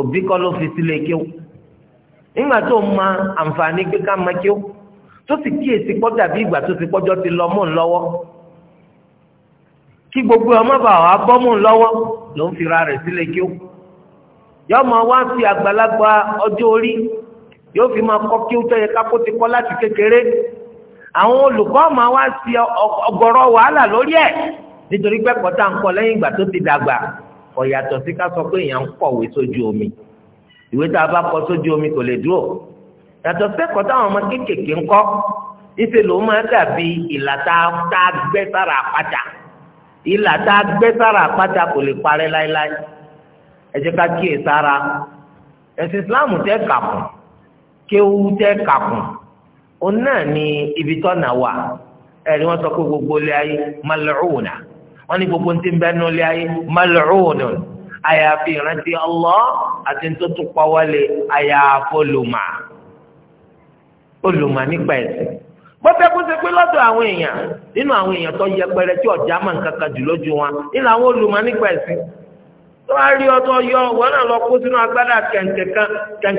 òbí kọ́ ló fi sílé kí ó nígbà tó ma àǹfààní gbé ká ma kí ó tó sì kíyèsí pọ́ dàbí ìgbà tó ti pọ́jọ́ ti lọ mọ́ ń lọ́wọ́ kí gbogbo ọmọ bá wà bọ́ mọ́ ń lọ́wọ́ ló ń fira rẹ̀ sílé kí ó yọ ọmọ wa fi àgbàlagbà ọjọ́ orí yóò fi máa kọ́ kí ó tẹ́yẹ kápó ti kọ́ láti kékeré àwọn olùkọ́ ọmọ wa fi ọgọ́rọ̀ wàhálà lórí ẹ̀ nítorí pẹ́kọ̀ọ́ tá ń kọ́ lẹ́yìn ìgbà tó ti dàgbà kò yàtọ̀ sí ká sọ pé èèyàn ń kọ̀wé sójú omi ìwé tá a bá kọ sójú omi kò lè dúró yàtọ̀ sẹ́kọ̀ọ́ táwọn ọmọ kéékèèké ń kọ́ ìṣe ló máa dàbí ìlà tá a gbẹ́ sára àpáta ìlà tá a gbẹ́ sára àpáta kò lè parẹ́ láéláé ẹ jẹ́ ká kíyè sára ẹ̀sìn islam tẹ́ kàkùn kéwú tẹ́ kàkùn òun náà ni ibi tọ́nà wà ẹ̀rí wọ́n sọ pé gbogbo ilé ayé mal'una wọ́n ní gbogbo tí ń bẹ nínú ilé ayé mal'un àyàfi ìrántí Allah àti tó tún pa wọlé àyàfi olùmọ̀ olùmọ̀ nípa ẹ̀sìn bọ́tẹ́ kó ṣe pé lọ́dọ̀ àwọn èèyàn nínú àwọn èèyàn tó yẹpẹrẹ tí ọ̀já mọ̀ nǹkan kan jù lójú wọn nínú àwọn olùmọ̀ nípa ẹ̀sìn tó wá rí ọtọ́ yọ wọ́n náà lọ kó sínú agbádá kẹ̀ǹkẹ̀ kan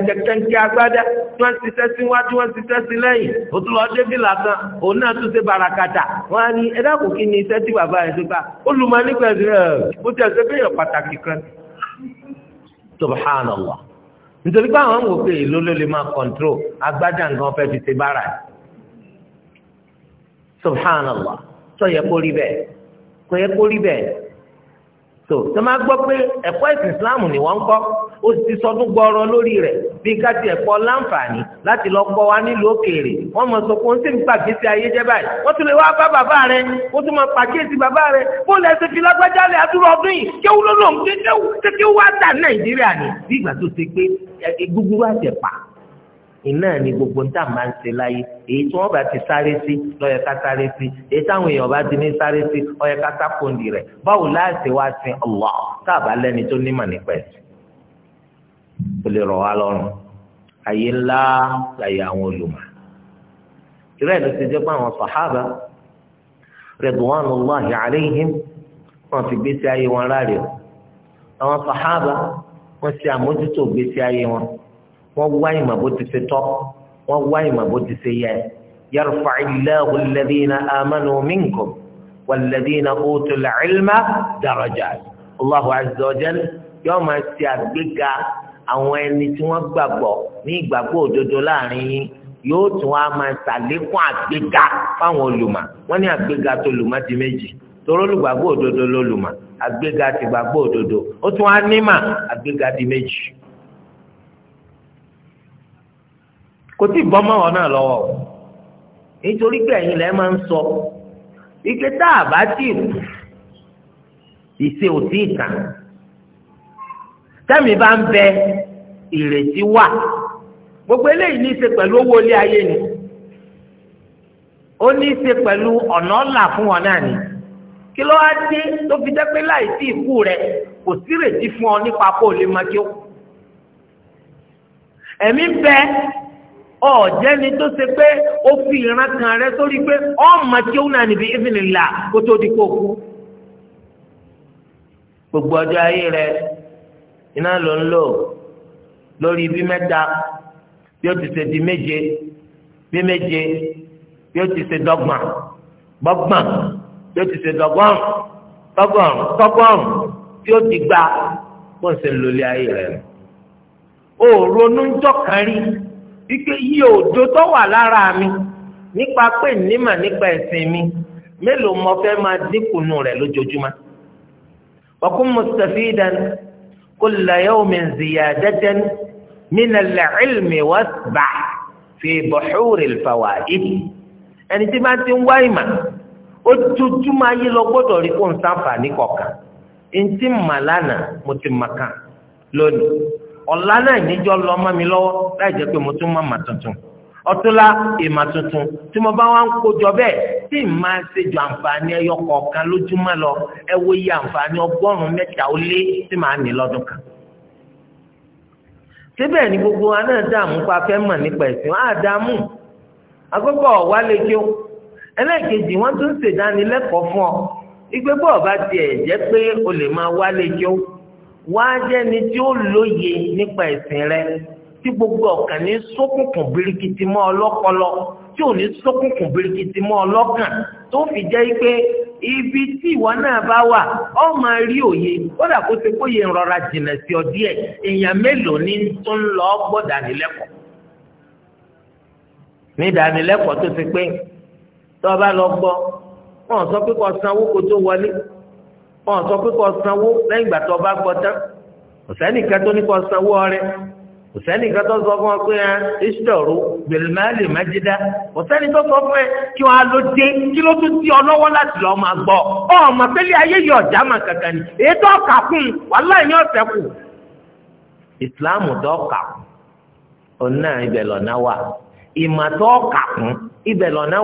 kẹ̀ǹkẹ̀kẹ̀ǹkẹ̀ agbádá wọ́n ti tẹ́sí wájú wọ́n ti tẹ́sí lẹ́yìn ó tún lọ dé bìlà kan òun náà tún ṣe barakata wọ́n á ní ẹ̀dá kò kí ni iṣẹ́ tí bàbá rẹ̀ ṣe gbà olùmọ̀ nípa ẹ̀sìn rẹ̀ ó ti ẹ̀sẹ̀ bẹ́yàn pàtàkì kan. subhanallah nítorí pé àwọn wò pé èló ló lè máa kọ̀ǹtró agbádá nǹkan fẹ́ fi ṣe bára subhanallah tó yẹ kó rí bẹ́ẹ̀ kó yẹ kó rí so tó máa gbọ́ pé ẹ̀kọ́ ìsìn islam ni wọ́n ń kọ́ ó ti sọdún gbọ́ọ̀rọ̀ lórí rẹ̀ bí ká ti ẹ̀kọ́ láǹfààní láti lọ kọ́ wa nílùú òkèèrè wọ́n mọ̀ sọ pé ó ń sì ń pàkíyèsí ayé jẹ́ báyìí wọ́n tún lè wá bá bàbá rẹ̀ ó tún mọ̀ pàkíyèsí bàbá rẹ̀ bóòlù ẹsẹ̀ fi lágbájá lẹ̀ adúrò ọdún yìí kéwú ló lòun kéwú kéwú wá dà nàìjíríà ni bí ìgbà tó ṣe pé gbogbo wa ti iná ni gbogbo ń tà máa ń ṣe láyé èyí tí wọ́n bá ti sáré sí lọ́yẹ̀ ká sáré sí èyí táwọn èèyàn bá ti ní sáré sí ọ̀yẹ̀ ká sákòndì rẹ̀ báwo láàṣẹ wá sí Allah káàbá lẹ́ni tó nímọ̀ nípa ẹ̀sìn kò lè rọ̀ wá lọ́rùn àyè ńlá láyé àwọn olùmọ̀ ìrẹ́ ló ti jẹ́ pé àwọn sàhábà ridwanullahi alayhim wọ́n fi gbèsè ayé wọn ráre àwọn sàhábà wọ́n ṣe àmójútó gbèsè ayé wọn wọ́n wá ìmọ̀ bó ti ṣe tọ́ wọ́n wá ìmọ̀ bó ti ṣe yẹ yarfa'illahu alladhina amanu minkum walladhina utul ilma darajat Allahu azza wa jal yóò máa ṣe àgbéga àwọn ẹni tí wọ́n gbàgbọ́ ní ìgbàgbọ́ òdodo láàrin yín yóò tún wá máa ṣàlékún àgbéga fáwọn olùmọ̀ wọ́n ní àgbéga tó lùmọ̀ di méjì torí olùgbàgbọ́ òdodo ló lùmọ̀ àgbéga ti gbàgbọ́ òdodo ó tún wá nímọ̀ àgbéga di méjì. kò tí ì bọ́ mọ́ wọn náà lọ́wọ́ o nítorí pé ẹ̀yin lẹ́ máa ń sọ ike tá a bá tì kù ìṣe ò tí ì tàn tẹ́mi bá ń bẹ ìrètí wà gbogbo eléyìí ní í ṣe pẹ̀lú owó ilé ayé ni ó ní í ṣe pẹ̀lú ọ̀nà ọ̀là fún wọn náà ni kí ló wá dé tó fi jẹ́ pé láì sí ikú rẹ kò sí ìrètí fún ọ nípa kó o lè máa kí ó ẹ̀mí bẹ́ẹ̀ ọ̀jẹ́ni tó ṣe pé ó fi ìran kan rẹ sórí pé ọmọ tí ó nà níbi ìfìnnìlà kó tó di kókó gbogbo ọjọ́ ayé rẹ iná ló ń lò lórí bí mẹ́ta bí ó ti ṣe di méje bí méje bí ó ti ṣe dọ́gbọ̀n bọ́gbọ̀n bí ó ti ṣe dọ́gbọ̀n tọ́gbọ̀n tọ́gbọ̀n bí ó ti gba bó ń ṣe lòlẹ́ ayé rẹ. òòrùn onújọ́ kan rí ike iye òdo tó wà lára mi nípa pé nímà nípa ẹ̀sìn mi mélòó mo fẹ́ máa dínkù nù rẹ̀ lójoojúmọ́ wa kun mustafidan kulla yawmin ziyadatan min al-ilmi wasbah fi buhuri al-fawaid ẹni tí bá ti ń wá ìmà ojoojúmọ́ ayé lọ gbọ́dọ̀ rí kó n sáfà ní kọ̀ọ̀kan ntí mà mo ti mà kàn lónìí ọ̀la náà níjọ́ lọ mọ́ mi lọ́wọ́ láì jẹ́ pé mo tún mọ̀ mà tuntun ọ̀túnla ìmà tuntun tí mo bá wá ń kójọ bẹ́ẹ̀ tí màá ṣe ju àǹfààní ẹyọ kọ̀ọ̀kan lójúmọ́ lọ ẹ wo iye àǹfààní ọgọ́rùn-ún mẹ́ta ó lé tí màá ní lọ́dún kan síbẹ̀ ni gbogbo wa náà dààmú pa fẹ́ mọ̀ nípa ẹ̀sìn á dààmú akọ́kọ́ ọ̀wá lè kí ẹlẹ́ẹ̀kejì wọ́n tún ṣèdánilẹ́kọ̀ọ́ fún ọ ìgbé bọ́ọ̀ tiẹ̀ jẹ́ pé o lè máa wá lè kí wá jẹ́ ni tí ó lóye nípa ẹ̀sìn rẹ tí gbogbo ọ̀kàn ní ṣókùnkùn birikiti mọ́ ọlọ́pọlọ tí ò ní ṣókùnkùn birikiti mọ́ ọlọ́kàn tó fi jẹ́ pé ibi tí ìwọ náà bá wà ọ máa rí òye kódà kó ṣe kóye ìrọra jìnà sí ọ díẹ̀ èèyàn mélòó ní tó ń lọ gbọ́dà nílẹ́kọ̀ọ́ ní ìdánilẹ́kọ̀ọ́ tó ti pé tó o bá lọ gbọ́ wọn sọ pé kò sanwó kó tó wọlé wọn sọ pé kó sanwó lẹ́yìn ìgbà tó bá gbọ́ tán kò tó ní sanwó ọrẹ kò tó sọ fún ọ pé ìṣòro ah, májídá tó sọ fún kí wọn á ló dé kí ló tún ọlọ́wọ́ láti lọ́ọ́ máa gbọ́ ọmọ ayé ọ̀já mà kankan ni èyí tó kà wàhálà ọ̀sẹ̀ kù ìsìláàmù tó kà náà ibẹ̀ lọ́nà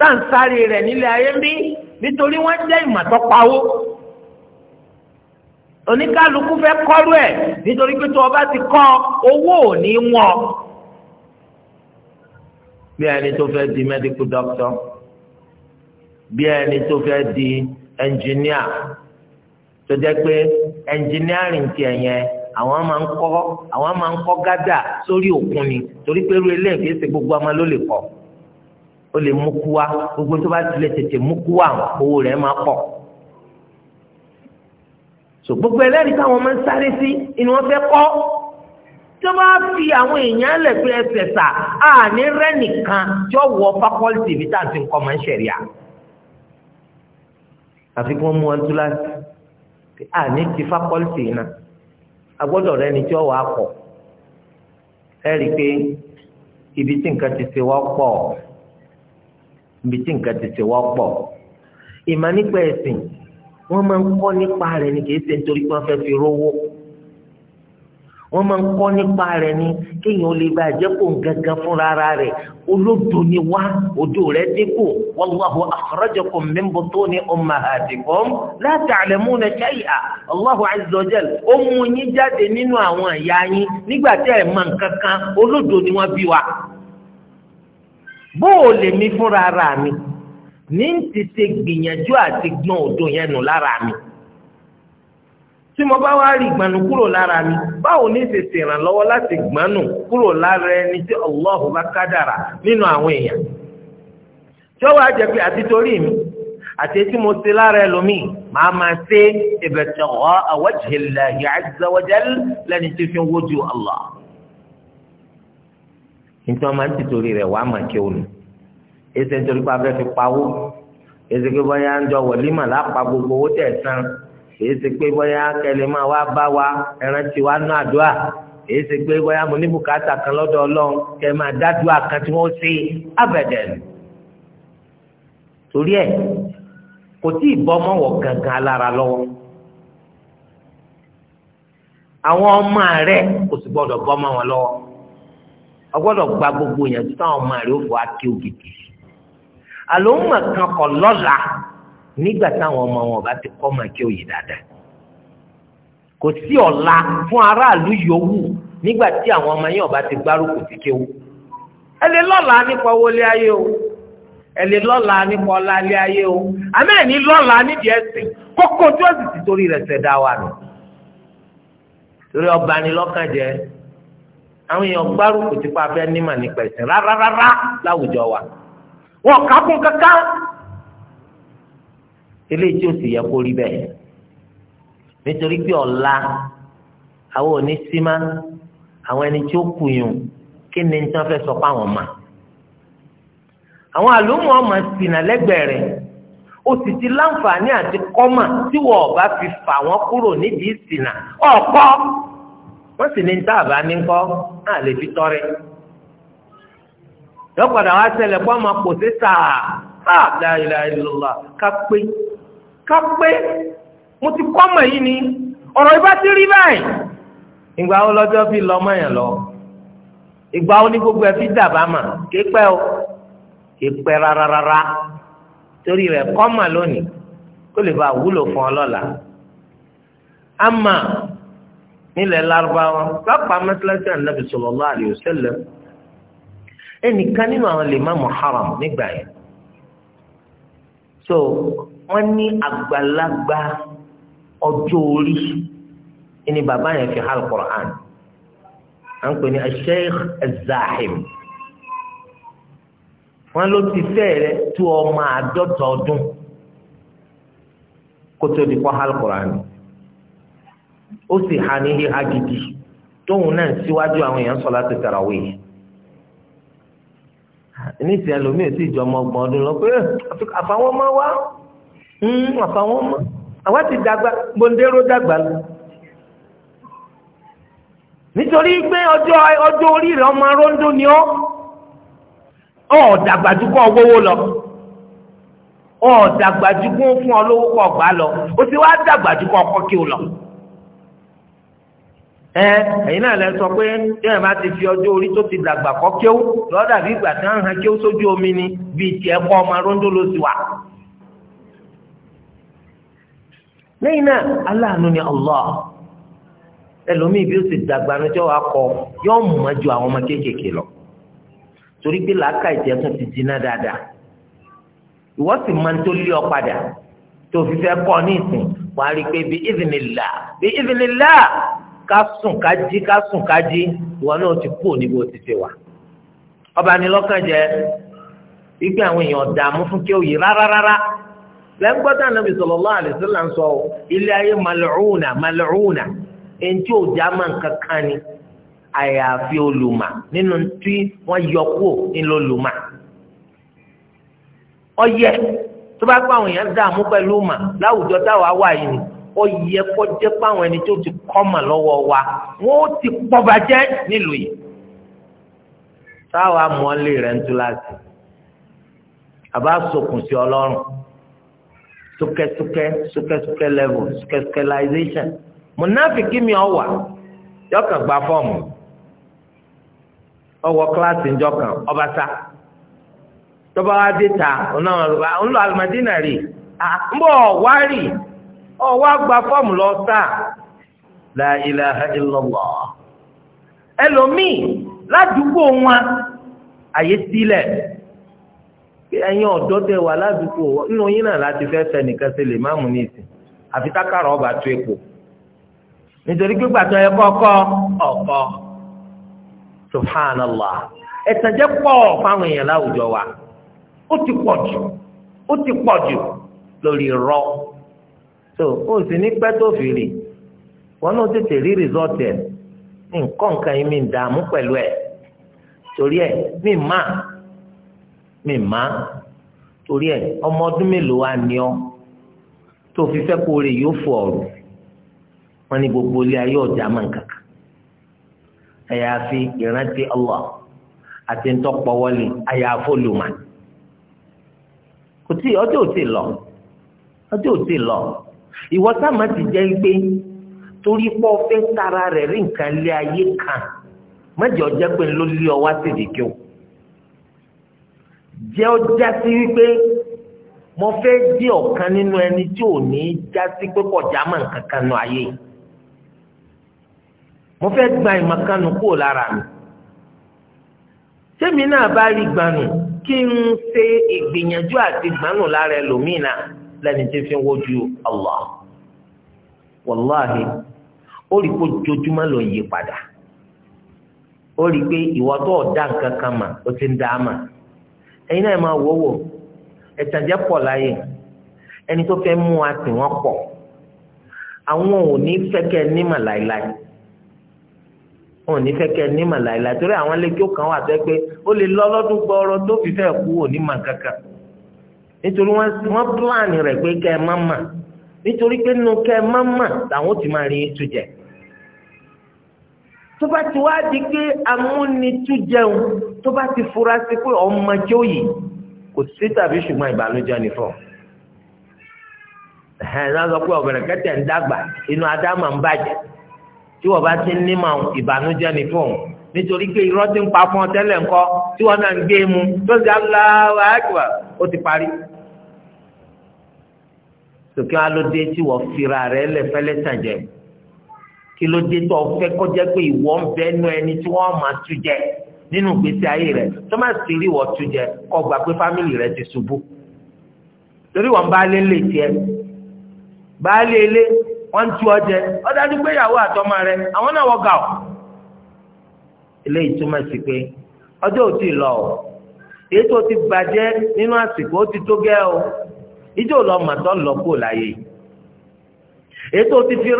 táǹsárì rẹ̀ nílẹ̀ ayé ń bí nítorí wọ́n jẹ́ ìmọ̀tọ́pawó oníkálukú fẹ́ kọ́rú ẹ̀ nítorí pé tó o bá ti kọ́ owó ò ní wọ́n bí ẹni tó fẹ́ di medical doctor bí ẹni tó fẹ́ di engineer tó jẹ́ pé engineering tiẹ̀ yẹn àwọn máa ń kọ́ àwọn máa ń kọ́ gádà sórí òkun ni torí pé irú eléyìí kìí ṣe gbogbo ọmọ ló lè kọ́ ó lè mú kú wa gbogbo tó bá tilẹ̀ tètè mú owó rẹ̀ máa pọ̀ so gbogbo ẹlẹ́rìí táwọn máa ń sáré sí inú wọn fẹ́ kọ́ tó bá fi àwọn èèyàn lẹ̀ pé ẹsẹ̀ sà á ní rẹ́nìkan tó wọ fakọ́lítì bí tá à ń ti máa ń ṣẹ̀ríà àfi kí wọ́n mú wọn tú láti á ní ti fakọ́lítì náà agbọ́dọ̀ rẹ ni tí ó wàá pọ̀ ẹ rí i pé ibi tí nǹkan ti ṣe wọ́pọ̀ ọ̀ ibi tí nǹkan ti ti wọ́pọ̀ ìmọ̀ nípa ẹ̀sìn wọ́n máa ń kọ́ nípa rẹ̀ ni kìí ṣe nítorí pé wọ́n fẹ́ fi rówó wọ́n máa ń kọ́ nípa rẹ̀ ni kéèyàn lè bá jẹ́ kó gangan fúnra rẹ̀ olódò ni wá odò rẹ̀ dínkù wallahu akhrajakum min butuni ummahatikum la ta'lamuna shay'a Allahu azza wa jal ó mú yín jáde nínú àwọn ìyá yín nígbà tí ẹ̀ mọ̀ nǹkan kan olódò ni wọ́n bí wa bó o lè mi fúnra ara mi ní n ti ṣe gbìyànjú àti gbọ́n òdo yẹn nù lára mi tí mo bá wá rí ìgbànú kúrò lára mi báwo ní ṣe ṣèrànlọ́wọ́ láti gbànú kúrò lára ẹni tí Allahu bá kádàrà nínú àwọn èèyàn tí ó pé àti torí mi àti tí mo ṣe lára ẹlòmíì màá máa ṣe ibtigha'a wajhillahi azza wa jalla lẹ́ni tí fi ń wojú Allah nítorí wọn máa ń tìtorí rẹ̀ wàá mà kí òun èsì nítorí pé abẹ́ fi pawó èsì pé bóyá ń jọ wọ̀límà lápá gbogbo owó tẹ̀ san èsì pé bóyá kẹlẹ́ máa wá bá wa ẹran tí wàá ná àdúrà èsì pé bóyá mo ní bùkátà kan lọ́dọ̀ ọlọ́run kẹ máa dádúrà kan tí wọ́n ṣe abẹ́dẹ̀n torí ẹ̀ kò tí ì bọ́mọ̀ wọ̀ gangan alára lọ́wọ́ àwọn ọmọ rẹ̀ kò sì gbọ́dọ̀ bọ́mọ̀ wọn lọ́wọ́ ọgbọ́dọ̀ gba gbogbo yẹn tí táwọn ọmọ rẹ̀ ó fọ aké ògidì àlòmọ kan kọ lọ́la nígbà táwọn ọmọ wọn bá ti kọ́ máa ké òye dáadáa kò sí ọ̀la fún aráàlú yòówù nígbà tí àwọn ọmọ yẹn ọba ti gbárùkù ti kéwù ẹ lè lọ́la nípa owó lé ayé o ẹ lè lọ́la nípa ọlá lé ayé o àmẹ́ẹ̀ni lọ́la nídìí ẹ̀sìn kókó tí ó sì ti torí rẹ̀ ṣẹ̀dá wa nù torí ọba ni lọ́kàn jẹ́ àwọn èèyàn gbárùkù tí pa abẹ́ nímà nípa ẹ̀sìn rárárárá láwùjọ wa wọn kà á kún kankan eléyìí tí ó sì yẹ kó rí bẹ́ẹ̀ nítorí pé ọ̀la àwọn òní símá àwọn ẹni tí ó kù yùn kí ni tí wọ́n fẹ́ sọ fáwọn ọmọ àwọn àlùmọ́ ọmọ sínà lẹ́gbẹ̀ẹ́ rẹ̀ o sì ti láǹfààní àti kọ́mà tí wọ́n ọba fi fà wọ́n kúrò nídìí sínà ọ̀pọ̀ wọ́n sì ní ní táàbà ní kọ́ náà lè fi tọrẹ lọ́kọ̀dà wá ṣẹlẹ̀ kó ọmọ kò sí sáà sáà láìláà ìlọ́lá kápé kápé mo ti kọ́ ọmọ yìí ni ọ̀rọ̀ ibà ti rí báyìí ìgbà wo lọ́jọ́ fi lọ ọmọ yẹn lọ ìgbà wo ní gbogbo ẹ fi dàbá mà képẹ́ o képẹ́ rárára torí rẹ̀ kọ́ mà lónìí kó lè bá wúlò fún ọ lọ́la ama nílẹ̀ lárúbáwá lápá mẹ́tíláṣí ànábì sallallahu alaihi wasallam ẹnìkan nínú àwọn lè má mọ̀ haram nígbà yẹn so wọ́n ní àgbàlagbà ọjọ́ orí ẹni bàbá yẹn fi hàl Qur'an à ń pè ní Sheikh Az-Zahim wọ́n ló ti fẹ́ẹ̀rẹ́ tó ọmọ àádọ́ta ọdún kótó di kọ́ hàl Qur'an ni ó sì ha ní híha gidi tóun náà síwájú àwọn èèyàn sọ láti tàràwé yìí nísìnyí ẹlòmíì sì jọ ọmọ ọgbọ̀n ọdún lọ pé àfàwọn ọmọ wa hmm, àfàwọn ọmọ àwa ti dàgbà gbòǹdéró dàgbà lọ nítorí pé ọjọ́ ọjọ́ orí rẹ̀ ọmọ rondo ni ó ọ̀dàgbàdúgbò owó lọ ọ̀dàgbàdúgbò fún ọ lówó kọ̀ gbà lọ ó ti wá dàgbàdúgbò ọkọ̀ kí o lọ. ẹ ẹyin náà lẹ sọ pé bí ẹ bá ti fi ọjọ́ orí tó ti dàgbà kọ kéwú lọdà bí ìgbà tí wọn hàn kéwú sójú omi ni bíi tiẹ̀ kọ ọmọ aróńdó ló sì wà. lẹ́yìn náà aláàánú ni Allah ẹlòmíì bí ó sì dàgbà níjọ́ wa kọ yóò mú ma ju àwọn ọmọ kéékèèké lọ torí pé làákà ìjẹ́ ti jiná dáadáa ìwọ sì máa ń tó lé ọ padà tó fi fẹ́ kọ́ ní ìsìn wàá rí i pé bí ìdìnnìlá bí ìdìnnìlá ká sùn ká jí ká sùn ká jí ìwọ náà ti kú níbi ó ti ti wà ọba ni lọ́kàn jẹ́ wípé àwọn èèyàn dààmú fún kí ó yí rárá rárá lẹ́gbọ́dá nàbì sallallahu alaihi wasallam ń sọ ilé ayé mal'una mal'una eŋti ò já máa nǹkan kan ni àyàfi olùmọ̀ nínú tí wọ́n yọ kúò nílò olùmọ̀ ọyẹ tó bá gbọ́ àwọn èèyàn dààmú pẹ̀lú mà láwùjọ táwa wà yìí ó yẹ kó jẹ́ páwọn ẹni tó ti kọ́mà lọ́wọ́ wa wọ́n ó ti pọ́bàjẹ́ nílùú yìí táwa mọ́lé rẹ̀ ń tú láti àbá sokùn sí ọlọ́run súkẹ́súkẹ́ súkẹ́súkẹ́ level súkẹ́súkẹ́láìzéṣàn mùnáfìkì mi ọ̀wà yọkàn gba fọ́ọ̀mù ọwọ́ kíláàsì ńjọkàn ọba sá tọ́ba wa dé ta ọ̀nà ọ̀rùba ńlọ àlùmọ́dínà rè ń bọ̀ wá rì ọ wá gba fọ́ọ̀mù lọ sáà la ilaha ẹlòmíì ládùúgbò wọn àyè sílẹ̀ ẹ̀yin ọ̀dọ́ tẹ wà ládùúgbò nínú yín náà láti fẹ́ fẹ́ nìkan ṣe lè má ní ọba tó epo nítorí gbígbà tó yẹ kọ́kọ́ ọ̀kọ́ subhanallah pọ̀ fáwọn èèyàn láwùjọ wa ó ti pọ̀ jù so ó sì ní pẹ́ wọn náà tètè rí rìsọ́ọ̀tì ẹ̀ nǹkan kan yìí mi ń dààmú pẹ̀lú ẹ̀ torí ẹ̀ mi má mi má torí ẹ̀ ọmọ ọdún mélòó wa ni ọ́ tó fi fẹ́ yóò fọ wọn ni gbogbo ilé ayé ọja máa ń kàkà àyàfi ìrántí Allah àti ntọ́pọ̀wọ́lì àyàfó lùmà kò tí ọjọ́ ò lọ ìwọ sáàmà ti jẹ́ pé torí pọ́ fẹ́ tara rẹ̀ rí nǹkan lé ayé kan mẹ́jọ jẹ́ pé ló lé ọ wá sí ìdíkẹ́ o jẹ́ ó já sí wípé mo fẹ́ jẹ́ ọ̀kan nínú ẹni tí ò ní já sí pé kọjá mọ̀ nǹkan kan nù ayé mo fẹ́ gba ìmọ̀kánu kúrò lára mi sẹ́mi náà bá rí gbanù kí n ṣe ìgbìyànjú àti gbanù lára ẹlòmíì lẹ́ni tí fi ń wojú ó rí yí padà ó rí pé ti ń dá mà ẹ̀yin náà máa wò wò pọ̀ láyè ẹni tó fẹ́ mú wa tì wọ́n pọ̀ àwọn ò ní fẹ́kẹ́ láéláé wọn ò ní fẹ́kẹ́ láéláé torí àwọn kí ó kàn wà pé ó kankan nítorí wọ́n pílánì rẹ̀ pé kẹ́ ẹ má mà nítorí pé nínú kẹ́ ẹ má mà làwọn ti máa rí ètò jẹ tó bá ti wá di pé amúnitújẹun tó bá ti fura sí pé ọmọ jẹ́ òyì kò sí tàbí ṣùgbọ́n ìbànújẹ́ ni fún ọ ẹ̀hẹ́n náà sọ pé ọ̀bẹ̀rẹ̀ kẹ́tẹ̀ ń dàgbà inú adámà ń bàjẹ́ tí wọ́n bá ti ní ma ìbànújẹ́ ni fún un nítorí pé irọ́ ti ń pa fún ọ tẹ́lẹ̀ ńkọ́ tí wọ́n náà ń gbé e mu tó ń sẹ́ aláwọ̀ àgbà ó ti parí sókè alóde tí wọ́n fira rẹ̀ lẹ̀ fẹ́lẹ́ tàn jẹ kí ló dé tó fẹ́ kọjá pé ìwọ ń bẹ nú ẹni tí wọ́n máa tú jẹ nínú gbèsè ayé rẹ̀ tó má sì rí wọ́n tú jẹ kó gbà pé fámìlì rẹ̀ ti ṣubú torí wọ́n bá lé lè tiẹ̀ bá lé lé wọ́n ń tú ọ jẹ ọ pé ìyàwó àtọmọ rẹ̀ àwọn náà wọ́n gà ọ́ eléyìí túmọ̀ sí pé ọjọ́ ò tí ì lọ ọ́ èyí tó ti bàjẹ́ nínú àsìkò ó ti tó gẹ́ ọ́ ìjọ lọ màtọ́ lọ kó láyé ètò ti fi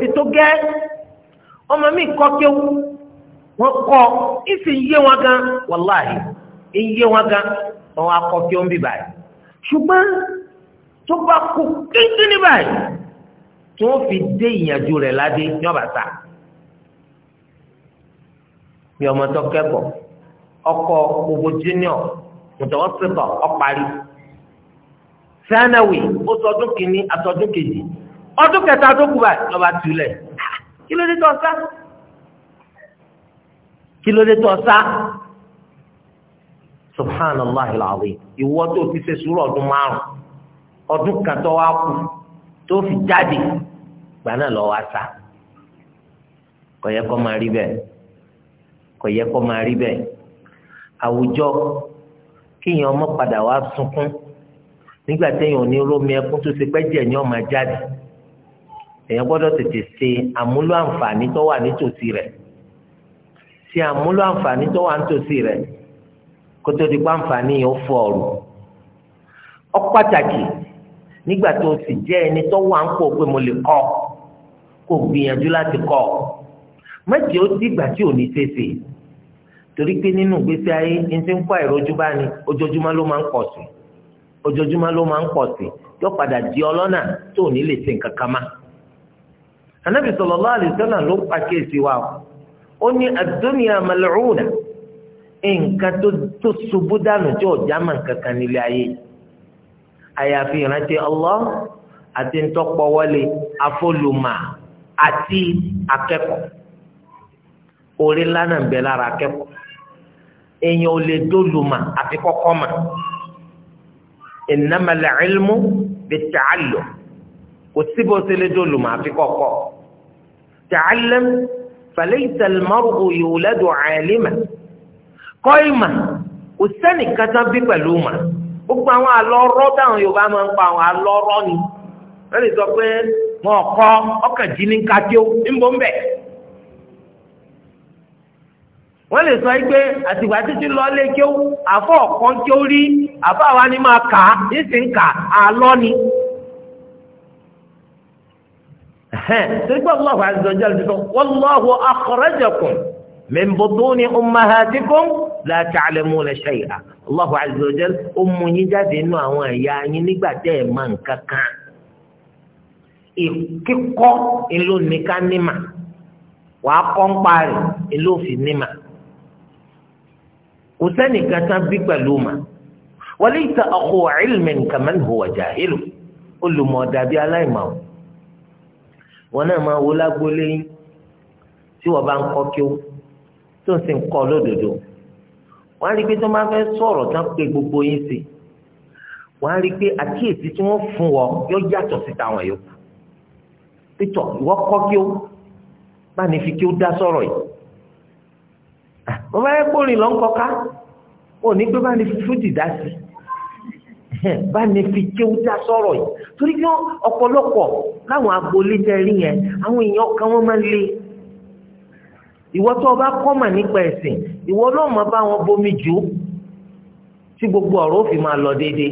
ti tó gẹ́ ọmọ mi kọ́ kéwú wọ́n kọ́ ìsì ń yé wọn gan wàláhì ń yé wọn gan wọn wá kọ́ kéwú bí báyìí ṣùgbọ́n tó bá kú kíkí ní báyìí fi dé ìyànjú rẹ̀ ládé sanawi ó tọdún kìíní àtọdún kejì ọdún kẹta tó kù báyìí lọ́ba tulẹ̀ [laughs] kí ló dé tó sá kí ló dé tó subhanallah alazim ìwọ tó ti ṣe sùúrù ọdún márùn ọdún kan tó wá kù tó fi jáde gbà náà lọ wá sá kò yẹ kó máa rí bẹ́ẹ̀ kò yẹ kó máa rí bẹ́ẹ̀ àwùjọ kéèyàn ọmọ padà wá sunkún nígbà téèyàn ò ní rómi ẹkún tó ṣe pẹ́jẹ́ ní ọmọ jáde èèyàn gbọ́dọ̀ tètè ṣe àmúlò àǹfààní tó wà nítòsí rẹ̀ ṣe àmúlò àǹfààní tó wà nítòsí rẹ̀ kó tó di pa àǹfààní yẹn ó fọ ọ̀rọ̀ ọ pàtàkì nígbà tó o sì jẹ́ ẹni tó wà ń pò pé mo lè kọ́ kó gbìyànjú láti kọ́ mẹ́jẹ̀ ó dìgbà tí ò ní ṣèṣe torí pé nínú ìgbésí ayé ní ti ń kọ́ àìrójú bá ní ojoojúmọ́ ló máa ń pọ̀ sí i ojoojúmọ́ ló máa ń pọ̀ sí yóò padà di ọlọ́nà tó ní lè ṣe nǹkan má. anabi sallallahu alaihi ló wa ó ní ad-dunya nǹkan tó ṣubú dànù tí ò já mọ́ nǹkan nílé ayé àyàfi ìrántí Allah àti ntọ́pọ̀wọlé afọlùmọ̀ àti akẹ́kọ̀ọ́ orí ńlá ń bẹ lára akẹ́kọ̀ọ́ innamal ilmu bitta'allum kò síbò tí lè dòlù mà fi kọ́kọ́ ta'allam falaysa al-mar'u yuladu 'aliman kọ́ ìmà kò sẹ́nì kátà bí pẹ̀lú mà gbogbo àwọn alọ́rọ́ táwọn Yorùbá máa ń pa àwọn alọ́rọ́ ni wọ́n lè sọ pé wọn kọ́ ọkàn jí ní kájọ́ ń bọ́ ń wọ́n lè sọ pé àtìgbà títí lọ lé kí ó àfọ́ ọ̀kan kí ó rí àfọ́ àwa ni máa kà á níṣì ń kà á lọ́ ni. torí pé Allahu azza wa jalla sọ wallahu akhrajakum min butuni ummahatikum la ta'lamuna shay'a Allahu azza wa jalla ó mú yín jáde nínú àwọn ẹ̀yà yín nígbà tẹ́ ẹ̀ máa ń kankan kíkọ́ ìlú nìkan nímà wàá kọ́ ń parí ìlú òfin nímà kò sẹ́nìkan tán bí pẹ̀lú mà walaysa akhu ilmin kaman huwa jahilu olùmọ̀ dàbí aláìmọ̀ wọn náà máa wo lágbólé yín tí wọ́n bá ń kọ́ kí ó tó ń sin kọ́ lódodo wọ́n á rí i pé tó máa fẹ́ sọ̀rọ̀ tán pé gbogbo yín sí wọ́n á rí i pé àkíyèsí tí wọ́n fún ọ yóò yàtọ̀ sí tàwọn yòókù pétọ̀ ìwọ́ kọ́ kí ó bá ní fi kí ó dá sọ̀rọ̀ yìí wọ́n bá yẹ kórìn lọ ń kọ́ká ò ní pé bá ní fúdì dá sí bá ní fi kéwú dá sọ̀rọ̀ yìí torí pé ọ̀pọ̀lọpọ̀ láwọn agboolé tẹ rí yẹn àwọn èèyàn kan wọ́n máa ń le ìwọ tó o bá kọ́mà nípa ẹ̀sìn ìwọ náà máa bá wọn bomi jù tí gbogbo ọ̀rọ̀ ó fi máa lọ déédéé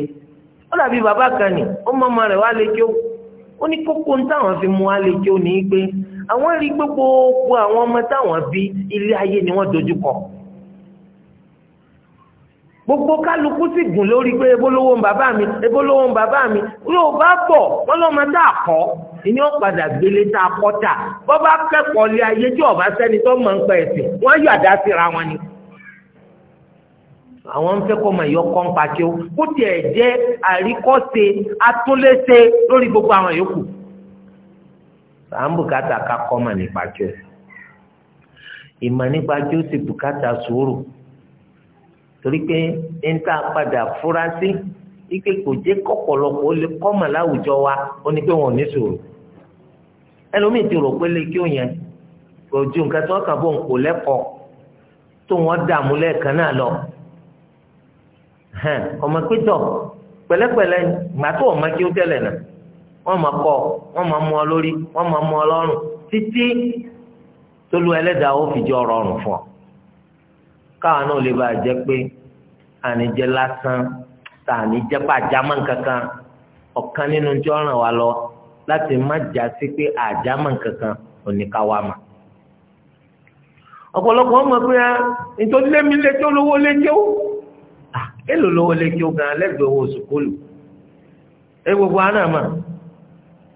ó dàbí bàbá kan ní ó mọ ọmọ rẹ̀ wá lè kéwú ó ní kókó ń táwọn fi mú wá lè kéwú ní í pé àwọn rí gbogbo àwọn ọmọ táwọn bí ilé ayé ni wọ́n dojú kọ gbogbo kálukú sì gùn lórí pé ebolówó ń bàbá mi ebolówó ń bàbá mi yóò bá bọ̀ wọ́n lọ́mọ tá a kọ́ ìní ó padà gbélé tá a kọ́ tà bọ́ bá kẹ́kọ̀ọ́ lé ayé tí ọ̀bá sẹ́ni tó mọ̀ ń pẹ́ ẹ̀sìn wọ́n yọ̀ àdá síra wọn ni àwọn ń fẹ́ kọ́ ọmọ ìyọ́ kọ́ńpa kí ó kó tiẹ̀ jẹ́ àríkọ́ṣe atúnléṣe lórí gbogbo àwọn yòókù. à ń bùkátà ká kọ́mọ̀ nípa jù ìmọ̀ nípa jù sì bùkátà sùúrù torí pé ń a padà fura sí ike kò jẹ́ kọ́pọ̀lọpọ̀ ó lè láwùjọ wa ó ní pé wọn ní sùúrù ẹlòmíì ti rò pé lè kí ó yẹn ju nǹkan tó kàn bó ń kò lẹ́kọ̀ọ́ tó wọ́n dààmú lẹ́ẹ̀kan náà lọ ọmọ pẹ̀lẹ́pẹ̀lẹ́ ọmọ kí ó wọ́n máa kọ́ wọ́n máa mú ọ lórí wọ́n máa mú ọ lọ́rùn títí tólú ẹlẹ́dàá ó fi fún ọ káwọn náà lè a jẹ pé ànijẹ lásán tànijẹ pàjámọ́ kankan ọ̀kan nínú tí ó ràn wá lọ láti má já sí pé àjámọ́ kankan oníkàwá mà ọ̀pọ̀lọpọ̀ ọmọ pé ẹ ah, nítorí létí olówó létí ó èlò lówó ó ah, owó sùkúlù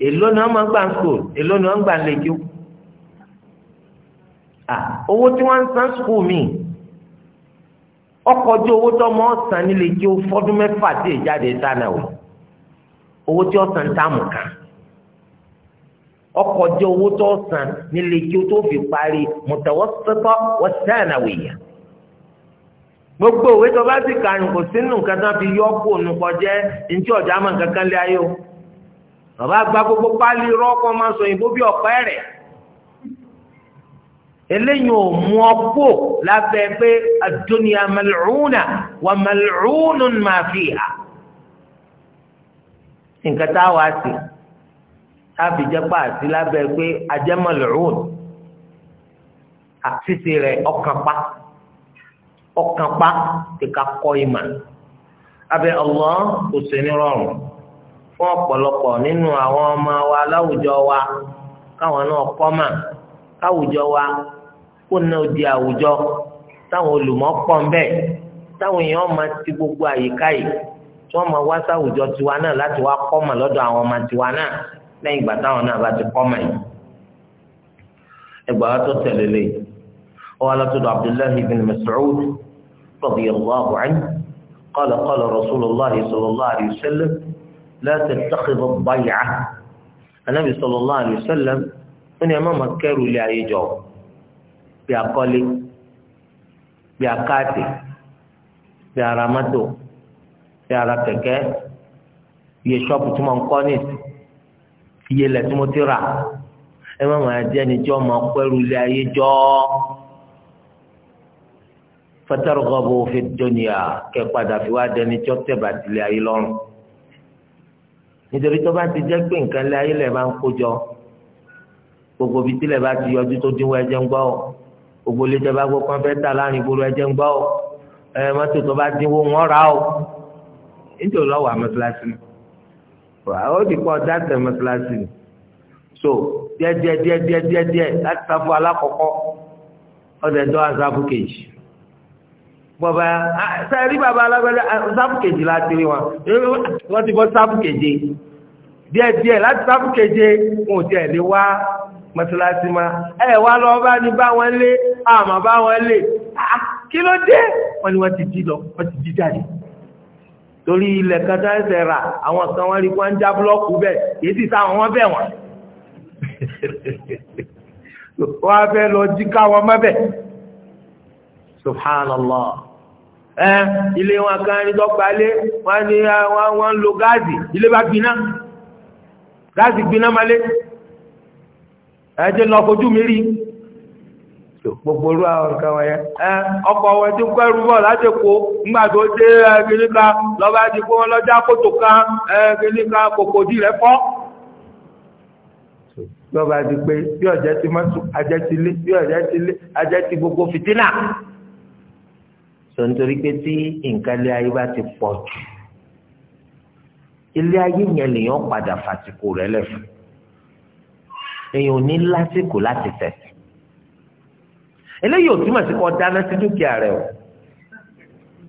èló ni wọ́n máa ń gbà ń èló ni wọ́n ń gbà ń lẹ́jọ́ owó tí wọ́n ń san mi ọkọ̀ ojú owó tó mọ́ ọ̀sán ní tí o owó tí kan ọkọ̀ ojú owó tó tó fi parí wọ́n gbogbo bá kò sínú nǹkan tó fi yọ kó nù kọjẹ́ ọjà o. bàbá gba gbogbo pálí rọ́ọ̀kọ́ máa sọ òyìnbó bí ọ̀pá ẹ̀rẹ̀ eléyìí ò mú ọ kó lábẹ́ pé ad-dunya mal'una wa mal'unun ma fiha nǹkan tá a wá sí táàbì jẹ́ pààtì lábẹ́ pé ajẹ́ mal'un àtìsí rẹ̀ ọkàn pa kíkà kọ́ ìmọ̀ abẹ́ Allah kò sí ní rọrùn fún ọ̀pọ̀lọpọ̀ nínú àwọn ọmọ wa láwùjọ wa káwọn náà kọ́ mà káwùjọ wa kó náà di àwùjọ táwọn olùmọ̀ pọ̀ ń bẹ táwọn èèyàn máa ti gbogbo àyíká yìí tí wọ́n máa wá sáwùjọ tiwa náà láti wá kọ́ mà lọ́dọ̀ àwọn ọmọ tiwa náà lẹ́yìn ìgbà táwọn náà bá ti kọ́ mà yìí. ẹgbàá tó tẹ̀lé lé wọ́n alátọ́dọ̀ abdullahi bin mas'ud radiyallahu anhu qala qala rasulullah sallallahu alayhi wa sallam. لا تتخذ الضيعة النبي صلى الله عليه وسلم ó ní ẹ má máa kẹ́rù ilé ayé jọ bí akọ́lé bí akáàtì bí ara mọ́tò bí ara kẹ̀kẹ́ iye ṣọ́ọ̀bù tí mo ń kọ́ nìsí iye ilẹ̀ tí mo ti rà ẹ má máa jẹ́ ẹni tí wọ́n máa kẹ́rù ilé ayé jọ fatarghabu fi dunya kẹ́ padà fi wá dẹni tí wọ́n tẹ̀ bàtìlẹ̀ ayé lọ́rùn nítorí tó bá ti jẹ́ pé nǹkan lé ayé lẹ̀ bá ń kó jọ gbogbo ibi tí lẹ̀ bá ti yọjú tó dínwó ẹjẹ́ ń gbọ́ ọ gbogbo ilé tẹ́ bá gbọ́ kán fẹ́ tà láàrin ìgboro ẹjẹ́ ń gbọ́ ọ ẹ mọ́tò tó bá dínwó wọn rà ọ nítorí lọ́wọ́ àmọ́síláṣí ó ti pọ̀ dáàtẹ̀ mọ́síláṣí so díẹ̀díẹ̀díẹ̀díẹ̀díẹ̀ láti sáfù alákọ̀ọ́kọ́ ọ̀dẹ̀ tó wá bọ̀bá sẹ́rí bàbá alágbádá sáfù kejì láti rí wọn wọ́n ti bọ́ sáfù keje díẹ̀ díẹ̀ láti sáfù keje wọn ò tiẹ̀ lè wá mọ́tíláṣí ma ẹ wá lọ bá ní bá wọn lé àmọ́ bá wọn lé kí ló dé wọn ni wọ́n ti jí lọ wọ́n ti jí jáde torí ilẹ̀ kẹta ẹsẹ̀ rà àwọn kan wọ́n rí wọ́n ń já búlọ́ọ̀kù bẹ́ẹ̀ èyí sì sáwọn wọ́n bẹ̀ [laughs] wọ́n wọ́n á fẹ́ lọ jí káwọn mọ́bẹ̀ subhanallah ẹ ilé wọn kan ní dọ́gbalé wọn ní ah, wọn ń lo gáàsì ilé bá gbiná gáàsì gbiná malé ẹ jẹ́ lọ fojú mi rí gbogbo orú àwọn nǹkan wọ̀nyẹ ẹ ọkọ̀ wọn ti kọ́ ẹrú bọ̀ láti kó nígbà tó dé ẹ kìnnìkà lọ́ba ti kó wọn lọ́jà kótó kan ẹ kìnnìkà kòkò dì rẹ fọ́ lọ́ba ti pé bí ọ̀jẹ̀ ti mọ́tò ajẹ́ ti lé bí ọ̀jẹ̀ ti lé ajẹ́ ti gbogbo fìtínà. sọ̀ntorí pé tí nǹkan ayé bá ti pọ̀ jù ilé ayé yẹn padà fàtìkù rẹ̀ lẹ́fù èèyàn ò ní lásìkò láti tẹ̀sí eléyìí ò túmọ̀ sí dáná sí dúkìá o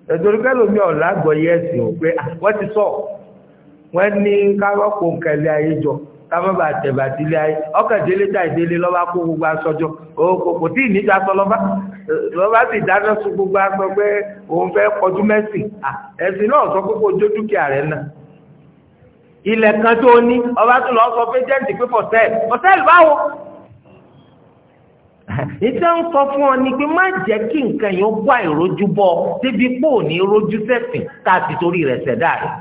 nítorí pé lómi ọ̀la àgbọ̀yé ẹ̀sìn ò pé ah, wọ́n ti sọ wọ́n ní kárọ́pò nǹkan ayé jọ ayé ta lọ́ba kó gbogbo kò tí ì sọ lọ́ba wọ́n bá sì dáná sun gbogbo agbọ́ pé òun fẹ́ kọjú mẹ́sìn ẹ̀sìn náà sọ pé kó jó dúkìá rẹ̀ náà ilẹ̀ kan tó ní ọba tó lọ sọ pé jẹ́ǹtì pé fọ̀tẹ́ẹ̀lì fọ̀tẹ́ẹ̀lì báwo. ìtẹ́ ń sọ fún ọ ni pé má jẹ́ kí nǹkan yẹn wá ìrójú bọ́ débi pò ní rójú sẹ́sìn tá a ti torí rẹ̀ ṣẹ̀dá rẹ̀.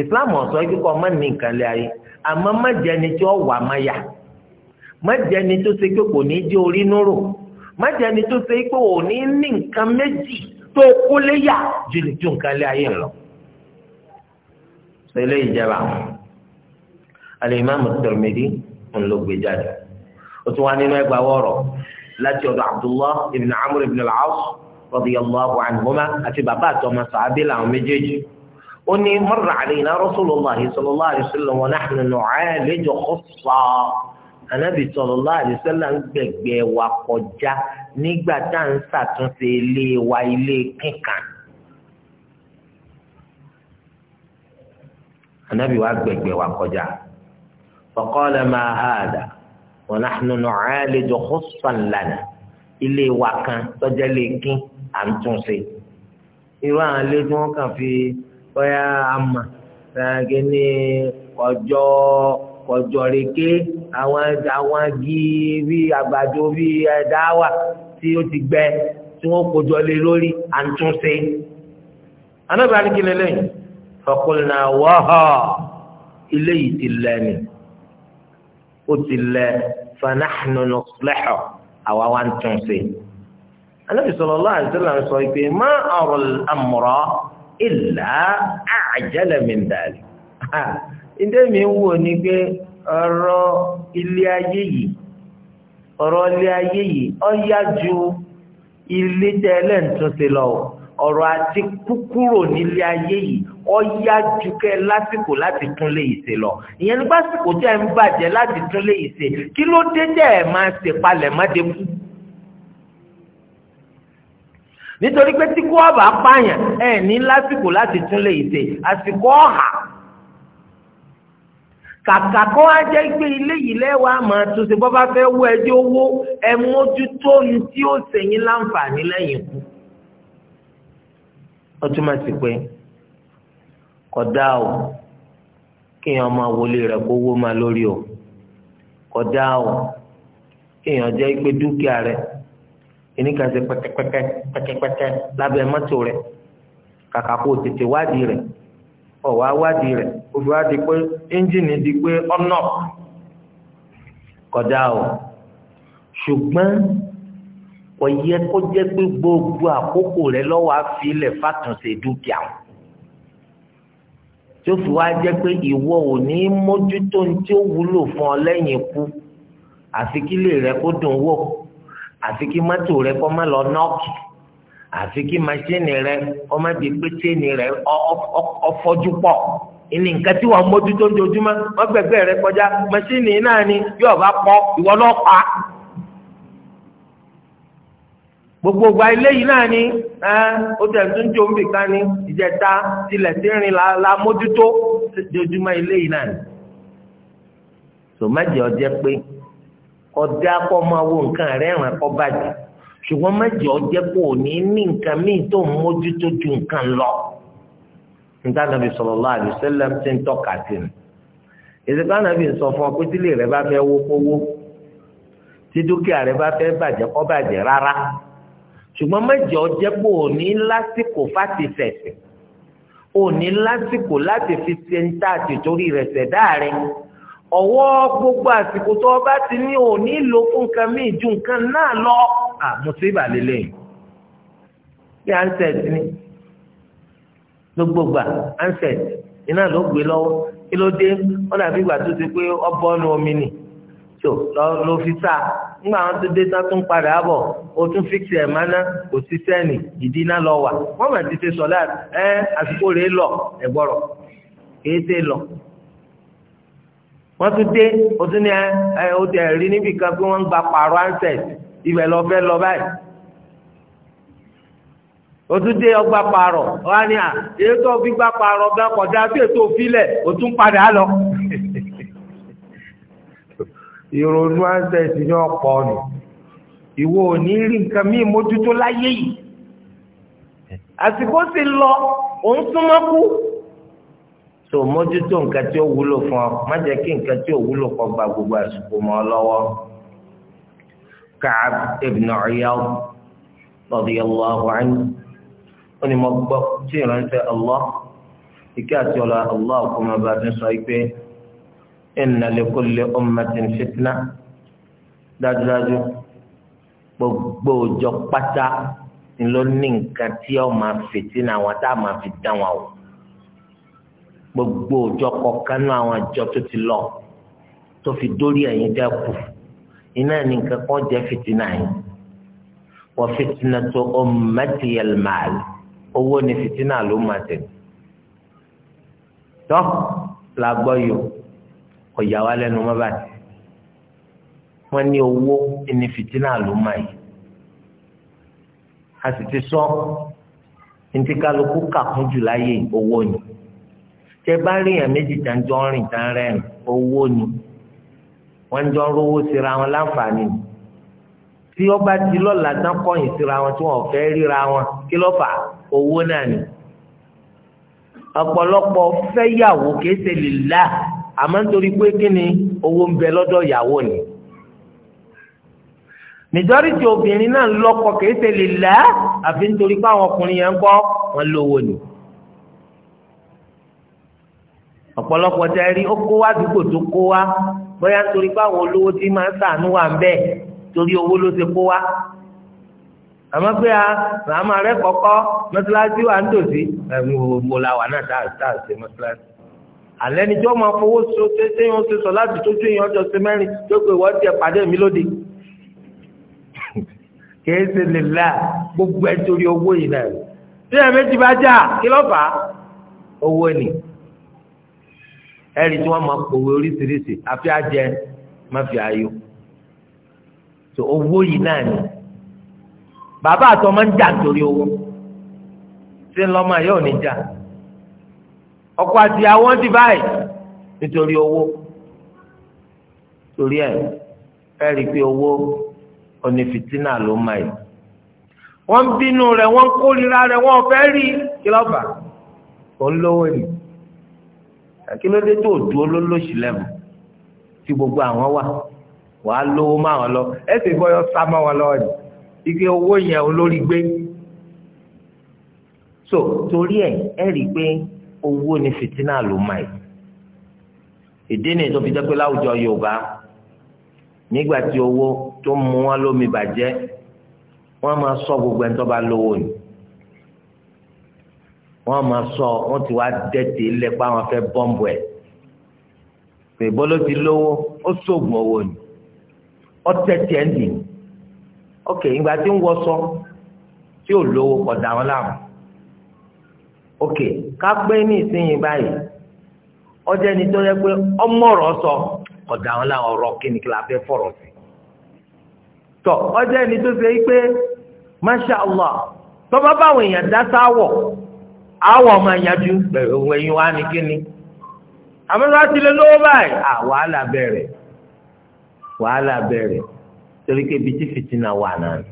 ìsìláàmù ọ̀sán kíkọ́ ọmọ ní nǹkan lé ayé àmọ́ má jẹ́ ni tí ó wà má yà má jẹni tó ṣe pé kò ní jẹ́ orí nóró má jẹni tó ṣe pé ò ní ní nǹkan méjì tó kó léyà ju lè ju nǹkan lé ayé lọ. sẹ́lẹ̀ ìjẹba alimami Tirmidhi ń lo gbé jáde ó tún wá nínú ẹgbàá wọ̀rọ̀ láti ọ̀dọ̀ Abdullah ibn Amr ibn al-As radiyallahu anhuma àti bàbá àtọmọ sàábì làwọn méjèèjì. أني مر علينا رسول الله صلى الله عليه وسلم ونحن نعالج خصا anabi sallallahu alaihi wasallam ń gbẹ̀gbẹ́ wa kọjá nígbà tá à ń ṣàtúnṣe ilé wa ilé kíkan. anabi wa gbẹ̀gbẹ́ wa kọjá faqala ma hada wa nahnu nu'aliju khussan lana ilé wa kan tọ́jà lè kín à ń túnṣe irú àwọn ilé tí kàn fi bóyá àmà ẹ̀ẹ́dẹ́gbẹ́ ní kọjọ́ kọjọ́ reke àwọn àwọn igi bí àgbàdo bí dáwà tí ó ti gbẹ tí wọ́n kojọ lé lórí à ń tún ṣe. anábàá ní kíni lẹ́yìn fọkùnrin wọ́họ̀ ilé yìí ti lẹ̀ ni ó ti lẹ̀ fanahnu nuslihu àwa wa ń tún ṣe. anábì sallallahu alaihi wasallam sọ pé má ọ̀rọ̀ amúrọ̀ ìlà àjẹlẹ̀ mi dàlí. ǹjẹ́ mi wò ni pé ọ̀rọ̀ ilé ayé yìí ọ̀rọ̀ ilé ayé yìí ó ju ilé tẹ́lẹ̀ ń tún ṣe lọ ọ̀rọ̀ àti kúkúrò nílé ayé yìí ó ju kẹ́ lásìkò láti tún lé yìí ṣe lọ ìyẹn nípa àsìkò tẹ́ ń bàjẹ́ láti tún lé yìí ṣe kí ló dé tẹ́ ẹ̀ máa ṣe palẹ̀ mọ́dé kú. nítorí pé tí kú ọ̀bà pààyàn ẹ̀ ní lásìkò láti tún lé ṣe àsìkò ọ̀hà kàkà kó wá jẹ́ pé ilé yìí lẹ́wà máa tún ṣe bọ́ bá fẹ́ wú ẹjọ́ owó ẹ mójútó ní tí ó ṣèyìn láǹfààní lẹ́yìn kú. ó túmọ̀ sí pé kódà o kéèyàn máa wọlé rẹ̀ kó wó máa lórí o kódà o kéèyàn jẹ́ pé dúkìá rẹ̀ ènìkan ṣe pẹ́kẹ́pẹ́kẹ́ pẹ́kẹ́pẹ́kẹ́ lábẹ́ mọ́tò rẹ̀ kàkà kó tètè wádìí rẹ̀ ọ̀wá wádìí rẹ̀ òfin wá di pé ẹ́ńjìnì di pé ọ̀nà kọjá o ṣùgbọ́n kò yẹ kó jẹ́ pé gbogbo àkókò rẹ lọ́wọ́ àfilẹ̀ fàtúnṣe dúkìá o tó fi wá jẹ́ pé ìwọ ò ní mójútó ní tí ó wúlò fún ọ lẹ́yìn ikú àfi kí ilé rẹ kó dùn wò àfi kí mọ́tò rẹ kó má lọ nọ́ọ̀kì àfi kí machine rẹ ọmọ di pé chaine rẹ ọfọjú pọ ìní nǹkan tí wọ́n mójútó ojoojúmọ́ wọ́n gbẹgbẹ rẹ kọjá machine náà ni yóò bá pọ ìwọ náà pa gbogbo gba eléyìí náà ni ẹ o tẹ̀ tún jó nbì kan ni ìjẹta tilẹ̀ tí ń rìn la la mójútó ojoojúmọ́ eléyìí náà ni. sòmájì ọjẹ́ pé kọjá kọ́ máa wo nǹkan rẹ̀ ràn kọ́ bàjẹ́ ṣùgbọ́n mẹ́jọ jẹ́ kó o ní ní nǹkan míì tó ń mójútó ju nǹkan lọ. níta nàbì sallallahu alaihi wasallam ti ń tọ́ka sí ni. ìsìnká nàbì sọ fún ọ pé tílé rẹ bá fẹ́ wó kówó tí dúkìá rẹ bá fẹ́ bàjẹ́ kó bàjẹ́ rárá. ṣùgbọ́n mẹ́jọ jẹ́ kó o ní lásìkò fáti fẹ̀sẹ̀ o ní lásìkò láti fi ṣẹ́ńtà àti torí rẹ̀ ṣẹ̀dá rẹ̀ ọwọ́ gbogbo àsìkò tó o à ah, mùsíbà lelee kí ansẹt ni gbogbo ansẹt iná ló gbé lọ́wọ́ kí ló dé wọn dàbí ìgbà tó ti pé ọbọ nu omi nì tó lọ fi sá ńgbà wọn tó dé padà bọ̀ o tún fíksì ẹ̀ máná kò sí ìdí iná lọ wà wọ́n mà ti lọ lọ tún dé o tún ní ibẹ̀ lọ fẹ́ lọ báyìí o tún dé ọgbà parọ wá ní à ètò gbígbà parọ gan kọjá sí ètò òfilẹ o tún padà lọ. [laughs] ìrònú ancest ní ọ̀pọ̀ ọ̀nà ìwọ ò ní rí nǹkan míì mójútó láyé yìí àsìkò sì lọ òun súnmọ́ kú. so mójútó nǹkan tí ó wúlò fún ọ má jẹ́ kí nǹkan tí ò wúlò kó gba gbogbo àsìkò mọ́ ọ lọ́wọ́. Ka'ab ibn Iyad radiyallahu anhu ó ní mo gbọ́ tí ìránṣẹ́ Allah ìkẹ́ àti ọ̀la Allah kò máa bá tún sọ pé inna li kulli ummatin fitna dájúdájú gbogbo òjọ pátá ló ní nǹkan tí ó máa fìtínà àwọn tá a máa fi dán wọn o gbogbo òjọ kọ̀ọ̀kan náà àwọn àjọ tó ti lọ tó fi dórí ẹ̀yìn dẹ́kun iná ní nǹkan kan jẹ́ fìtínà yìí wọ́n fìtínà tó ummatiyal mal owó ni fìtínà ló máa tẹ̀lé tọ́ la gbọ́ yìí kò yà wá lẹ́nu mọ́ bàtí wọ́n ní owó ni fìtínà ló máa yìí a sì ti sọ ntí kálukú kà kún jù láyé owó ni tẹ bá rí yàn méjì tá ń jọ rìn tá ń owó ni wọ́n jọ ń rówó síra wọn láǹfààní tí wọ́n bá ti lọ́la tán kọ̀yìn síra wọn tí wọ́n fẹ́ ríra wọn kí ló fà owó náà ni ọ̀pọ̀lọpọ̀ fẹ́yàwó kìí ṣe lè la àmọ́ nítorí pé kí ni owó ń bẹ lọ́dọ̀ ìyàwó ni nìjọ́rìtì obìnrin náà lọ́kọ kìí ṣe lè la àfi nítorí pé àwọn ọkùnrin yẹn ń kọ́ wọn lówó ni ọ̀pọ̀lọpọ̀ tẹ́ rí ó kó wá àdúgbò tó kó wá bóyá nítorí pé àwọn olówó tí máa ń sàánú wà ń bẹ torí owó ló ti kó wá àmọ́ pé a àmọ́ rẹ kọ́kọ́ mọ́sálásí wà ń tòsí mo la wà náà tá a ṣe mọ́sálásí alẹ́ ni tí wọ́n máa fowó so téèyàn ṣe sọ láti tójú èèyàn ọjọ́ sí mẹ́rin tó pé wọ́n tiẹ̀ pàdé mi lóde [laughs] kìí ṣe lè la gbogbo ẹ̀ torí owó yìí náà tí ẹ̀ méjì bá jà kí ló fà á owó ni ẹ̀rí tí wọ́n máa pòwe oríṣiríṣi àfi àjẹ má fi àyò tó owó yìí náà ni bàbá àtọ máa ń jà torí owó ṣé ń lọ́mọ yóò ní jà ọkọ àti àwọn ti báyìí nítorí owó torí ẹ ẹ pé owó òní ló máa yìí wọ́n bínú rẹ̀ wọ́n kórìíra rẹ̀ wọ́n fẹ́ rí kí lọ́ba òun lówó yìí kí ló dé tó dúró lólóṣì lẹ́mù tí gbogbo àwọn wà wàá lówó má wọn lọ ẹsẹ̀ bọ́yọ̀ sá má wọn lọ ni ike owó yẹn olórí gbé so torí ẹ ẹ rí i pé owó ni fìtínà ló máa yìí ìdí ni tó fi jẹ́ pé láwùjọ Yorùbá nígbà tí owó tó mú wọn lómi bàjẹ́ wọ́n máa sọ gbogbo ẹni tó bá lówó ni wọ́n máa sọ wọ́n ti wá dẹ́tẹ̀ lẹ́pà wọn fẹ́ bọ́ǹbù ẹ̀ pèbó ló ti lówó ó sóògùn owó ni ó tẹ̀tẹ̀ ẹ̀ nì ok ìgbà tí ń wọṣọ tí ò lówó ọ̀dà wọn láàmú ok ká pé ní ìsinyìí báyìí ọjọ́ ẹni tó yẹ pé ọmọ ọ̀rọ̀ sọ ọ̀dà wọn láwọn ọ̀rọ̀ kíni kí la fẹ́ fọ̀rọ̀ sí tọ ọjọ́ ẹni tó ṣe pé masha allah tọ́ba báwọn èèyàn dá sáwọ̀ àwọ̀ ọmọ ìyájú òun ẹ̀yin wa ni kí ni àmọ́ láti lè lówó báyìí à wàhálà bẹ̀rẹ̀ wàhálà bẹ̀rẹ̀ torí pé ibi tí fìtínà wà náà ni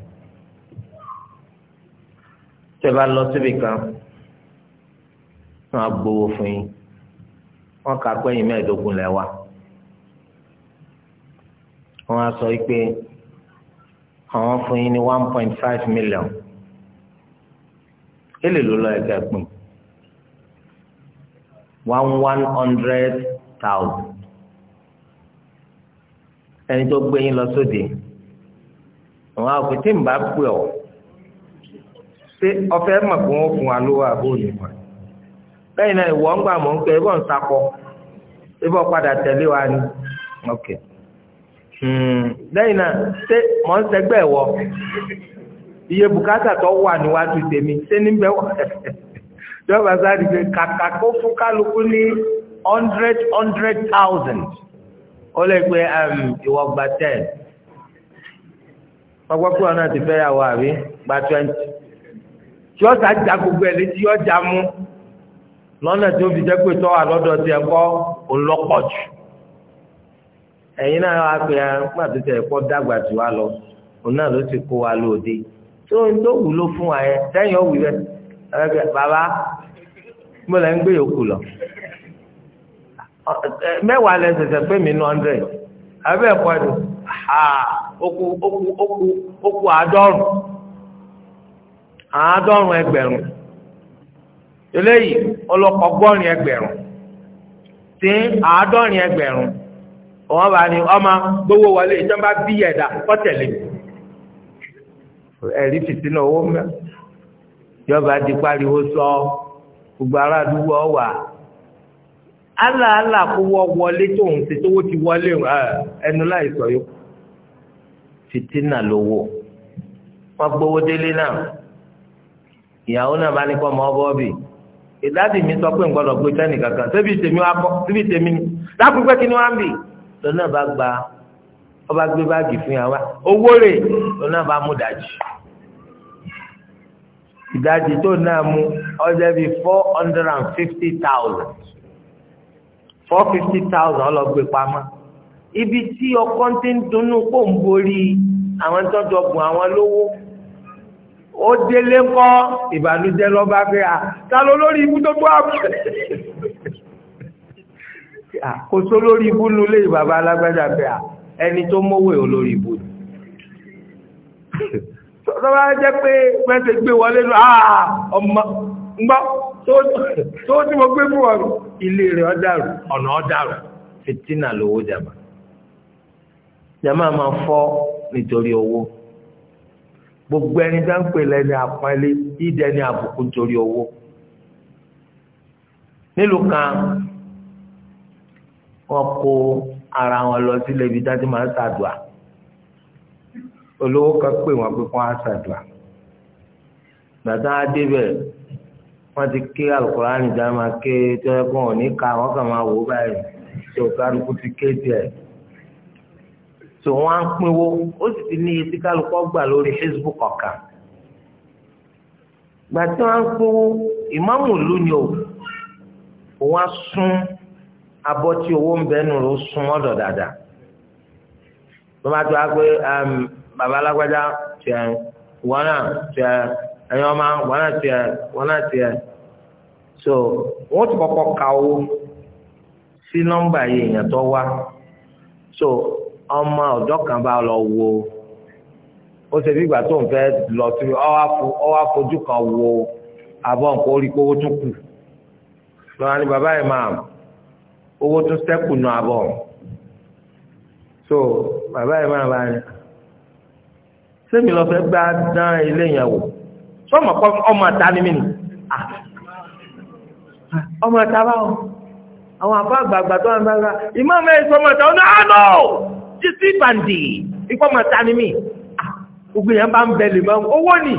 tẹ́ bá lọ síbi kan wọn á gbowó fún yín wọn kà pé ẹ̀yin mẹ́ẹ̀ẹ́dógún lẹ wà wọn á sọ pé àwọn fún yín ní one point five million èlè ló lọ ẹgbẹ́ pin one one hundred thousand ẹni tó gbé yín lọ sóde àwọn àgbẹ̀ tí ń bá pè ọ́ ṣé ọ̀fẹ́ mọ̀ kó wọ́n fún wa lówó àbó nìkan lẹ́yìn náà ìwọ ń gbà mọ̀ ń pẹ́ ìbọn sakọ ìbọn padà tẹ̀lé wa ni ok hmm. lẹ́yìn náà ṣé mọ̀ ń sẹ́gbẹ́ wọ iye bùkátà tó wà níwájú tèmi ṣé níbẹ̀ wà ẹ̀ [laughs] ẹ̀ jọba sáré pé kàkà kó fún kálukú ní hundred hundred thousand ó lè pe um, ìwọ gba ten pàpàkú ọ̀nà ti fẹ́ yà wọ àbí gba twenty tí ó sá já gbogbo ẹ̀ létí yóò já mú lọ́nà tí ó fi jẹ́ pé tọ́wà lọ́dọ̀ tí ẹ kọ́ òun lọ́pọ̀ jù ẹ̀yin náà wá pé ah, nígbà tó tẹ̀ kọ́ dàgbà jù wá lọ òun náà ló ti kó wa lóde tó ń tó wù ló fún wa yẹn sẹ́yìn ó wù bẹ́ẹ̀. baba bàbá mo lẹ́ ń gbé yòókù lọ mẹ́wàá lẹ pé mi nù hundred abẹ́ ẹ̀kọ́ ẹ̀dùn oku oku okú okú àádọ́rùn eléyìí ọlọ́kọ̀ọ́gbọ́rin ẹgbẹrún. tí àádọ́rin ẹgbẹ̀rún wọn bá ní ọmọ gbowó wọlé ìjọba bí yọba ti pariwo sọ gbogbo ará àdúgbò ọwà aláàlá kó wọ wọlé tó ń ṣe tówó ti wọlé ẹnu láì sọ yó fìtínà lówó wọn gbowó délé náà ìyàwó náà bá ní kọ́ ọmọ ọbọ bì ìdádì mi sọ pé ń gbọ́dọ̀ gbé sẹ́nì kankan síbi tèmi wá bọ́ síbi tèmi ni lápúpẹ́ kí ni wọ́n bì lọ́nà bá gba ọba gbé báàgì fún yàrá owó rẹ̀ lọ́nà bá mú dájú ìdájì tó náà mú ọjọ́ bíi four hundred and fifty thousand four fifty thousand ọlọ́gbé pamọ́ ibi tí ọkọ́ ti ń dunnú kó ń borí àwọn tọ́jọ́ bùn àwọn lówó ó délé kọ́ ìbànújẹ́ lọ́ba pé à ta ló lórí ibú tó tó àbú kò só lórí ibú nulẹ̀ ìbàbá alágbájá pé à ẹni tó mówó ẹ̀ olórí ibú ni tọ́lá jẹ́ pé mẹ́sẹ̀ gbé wọlé lọ àà ah, ọmọ ngbọ́ tó tí mo gbé fún ọrùn ilé rẹ̀ ọ̀dàrù ọ̀nà ọ̀dàrù fìtínà lówó jàmà jàmà máa fọ́ nítorí owó gbogbo ẹni tá ń pè lẹ́ni àpọ́nlé ìdẹ ni àbùkù nítorí owó nílùú kan wọ́n kó ara wọn lọ sílé ibi tá ti máa ń ṣàdùà olówó kan pè wọ́n pé fún àṣàdùà gbàtà débẹ̀ wọ́n ti ké alukurani dá máa ké tó yẹ kó wọ́n ní ká wọ́n kàn máa wò ó báyìí tó kálukú ti ké tiẹ̀ tó wọ́n á pínwó ó sì ti ní iye tí kálukú gbà lórí Facebook kọ̀ọ̀kan gbàtà wọ́n á pínwó ìmáàmù ìlú ni o òun á sún abọ́ tí owó ń bẹ́ẹ̀ nù ló sún ọ̀dọ̀ dáadáa tó máa tó a pé um, Baba alágbádá tiẹ̀ wọn náà tiẹ̀ ẹ̀yin ọmọ wọn náà tiẹ̀ wọn so wọ́n ti kọ́kọ́ ka owó sí nọ́mbà yìí èèyàn tó wá so ọmọ ọ̀dọ́ kan bá lọ wo ó ṣe bí ìgbà tó ń fẹ́ lọ sí ọ wá fojú kan wo abọ́ nǹkan orí kó owó tún kù lọ́wọ́ ni bàbá yìí máa owó tún sẹ́kù nù abọ́ so bàbá yìí máa bá yẹn sẹ́mi lọ fẹ́ gbá dán ilé yẹn wò sọ́mọ̀ kọ́ ọmọ àta ni mí ni ọmọ àta báwọn àwọn àbá àgbààgbà tó wà ní báyìí ìmọ̀ mẹ́rin sọmọ àta ọ̀nà àná títí bàǹdì ikọ́ ọmọ àta ni mí gbogbo yẹn bá ń bẹ lè máa owó ni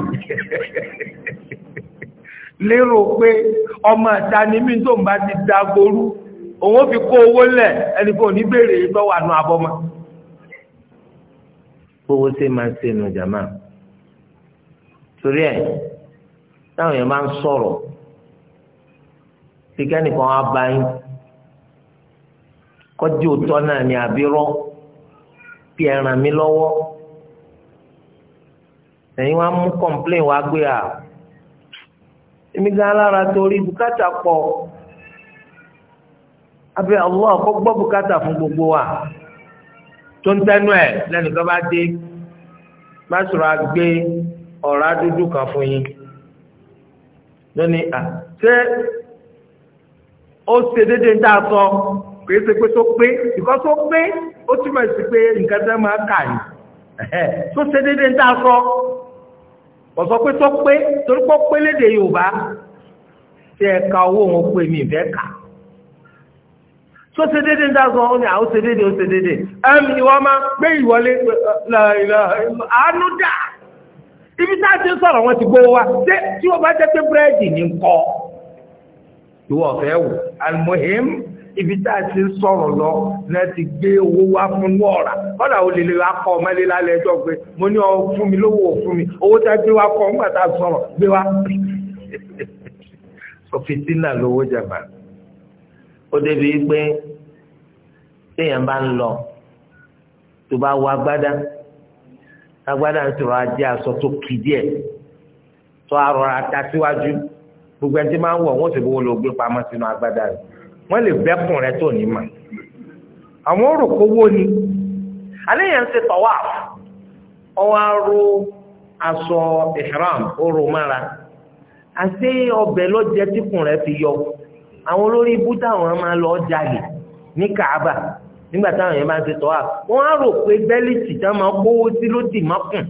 [laughs] lérò pé ọmọ àta ni mí tó ń bá ti da goru òun ó fi kó owó lẹ̀ ẹnì kan ò ní ìtọ́wà nù abọ́mọ́. gbogbo ṣe ma ṣe nù jàmá torí ẹ táwọn èèyàn máa ń sọ̀rọ̀ bí kẹ́nìkan á yín kọjú òótọ́ náà ni àbírọ́ bí ẹ ràn mí lọ́wọ́ ẹ̀yin wá mú wá gbé à èmi gan alára torí bukata pọ̀ abẹ́ fún gbogbo wa. tó ń tẹnu ẹ̀ lẹ́nìkan bá dé bá sọ̀rọ̀ àgbé ọ̀rá dúdú kan fún yín lónìí à ṣé ó ṣe déédéé ń dá sọ kìí ṣe pé tó pé ìkọ́ tó pé ó túmọ̀ sí pé nǹkan tẹ́ máa kà ní tó ṣe déédéé ń dá sọ ọ̀sọ́ pé tó pé torí pé ó pé léde Yorùbá tí ẹ̀ka owó wọn pé mi ìfẹ́ kà á tó ṣe dédé ń dágbọ́ ó ní àwọn ṣe dédé ó ṣe dédé ẹ̀mí ni wọ́n máa gbé ìwọlé àánú dà ibi tá a ti ń sọ̀rọ̀ wọn ti gbówó wa tí wọ́n bá jẹ́ pé búrẹ́dì ní kọ́ ìwọ ọ̀fẹ́ wò almuhim ibi tá a ti ń sọ̀rọ̀ lọ náà ti gbé owó wá fún ní ọ̀rà kọ́dà ó lè lè wá kọ́ ọmọ ilé lálẹ́ ẹjọ́ pé mo ní ọ fún mi lówó fún mi owó tá gbé wá kọ́ nígbà tá sọ̀rọ̀ gbé wá. [laughs] sọfìtínà lówó jàmbá ó débi pé téèyàn bá ń lọ tó bá wọ agbádá agbádá ń sọ̀rọ̀ ajé aṣọ tó kì díẹ̀ tó arọra ta síwájú gbogbo ẹni tí máa ń wọ̀ wọ́n sì bó wọn lọ gbé pamọ́ sínú agbádá rẹ̀ wọ́n lè bẹ́kùn rẹ̀ tó ní mà àwọn rò kówó ni alẹ́ yẹn ń ṣe tọ́wà ọwọ́ aró aṣọ ìhram oró mára àti ọbẹ̀ lọ́jẹ́ tìkùn rẹ̀ fi yọ àwọn olórí ibú táwọn máa lọ jalè ní Kaaba nígbà táwọn yẹn bá ń ṣe tọ́ à wọ́n á rò pé bẹ́líìtì tá máa kówó sí ló dì mọ́kùn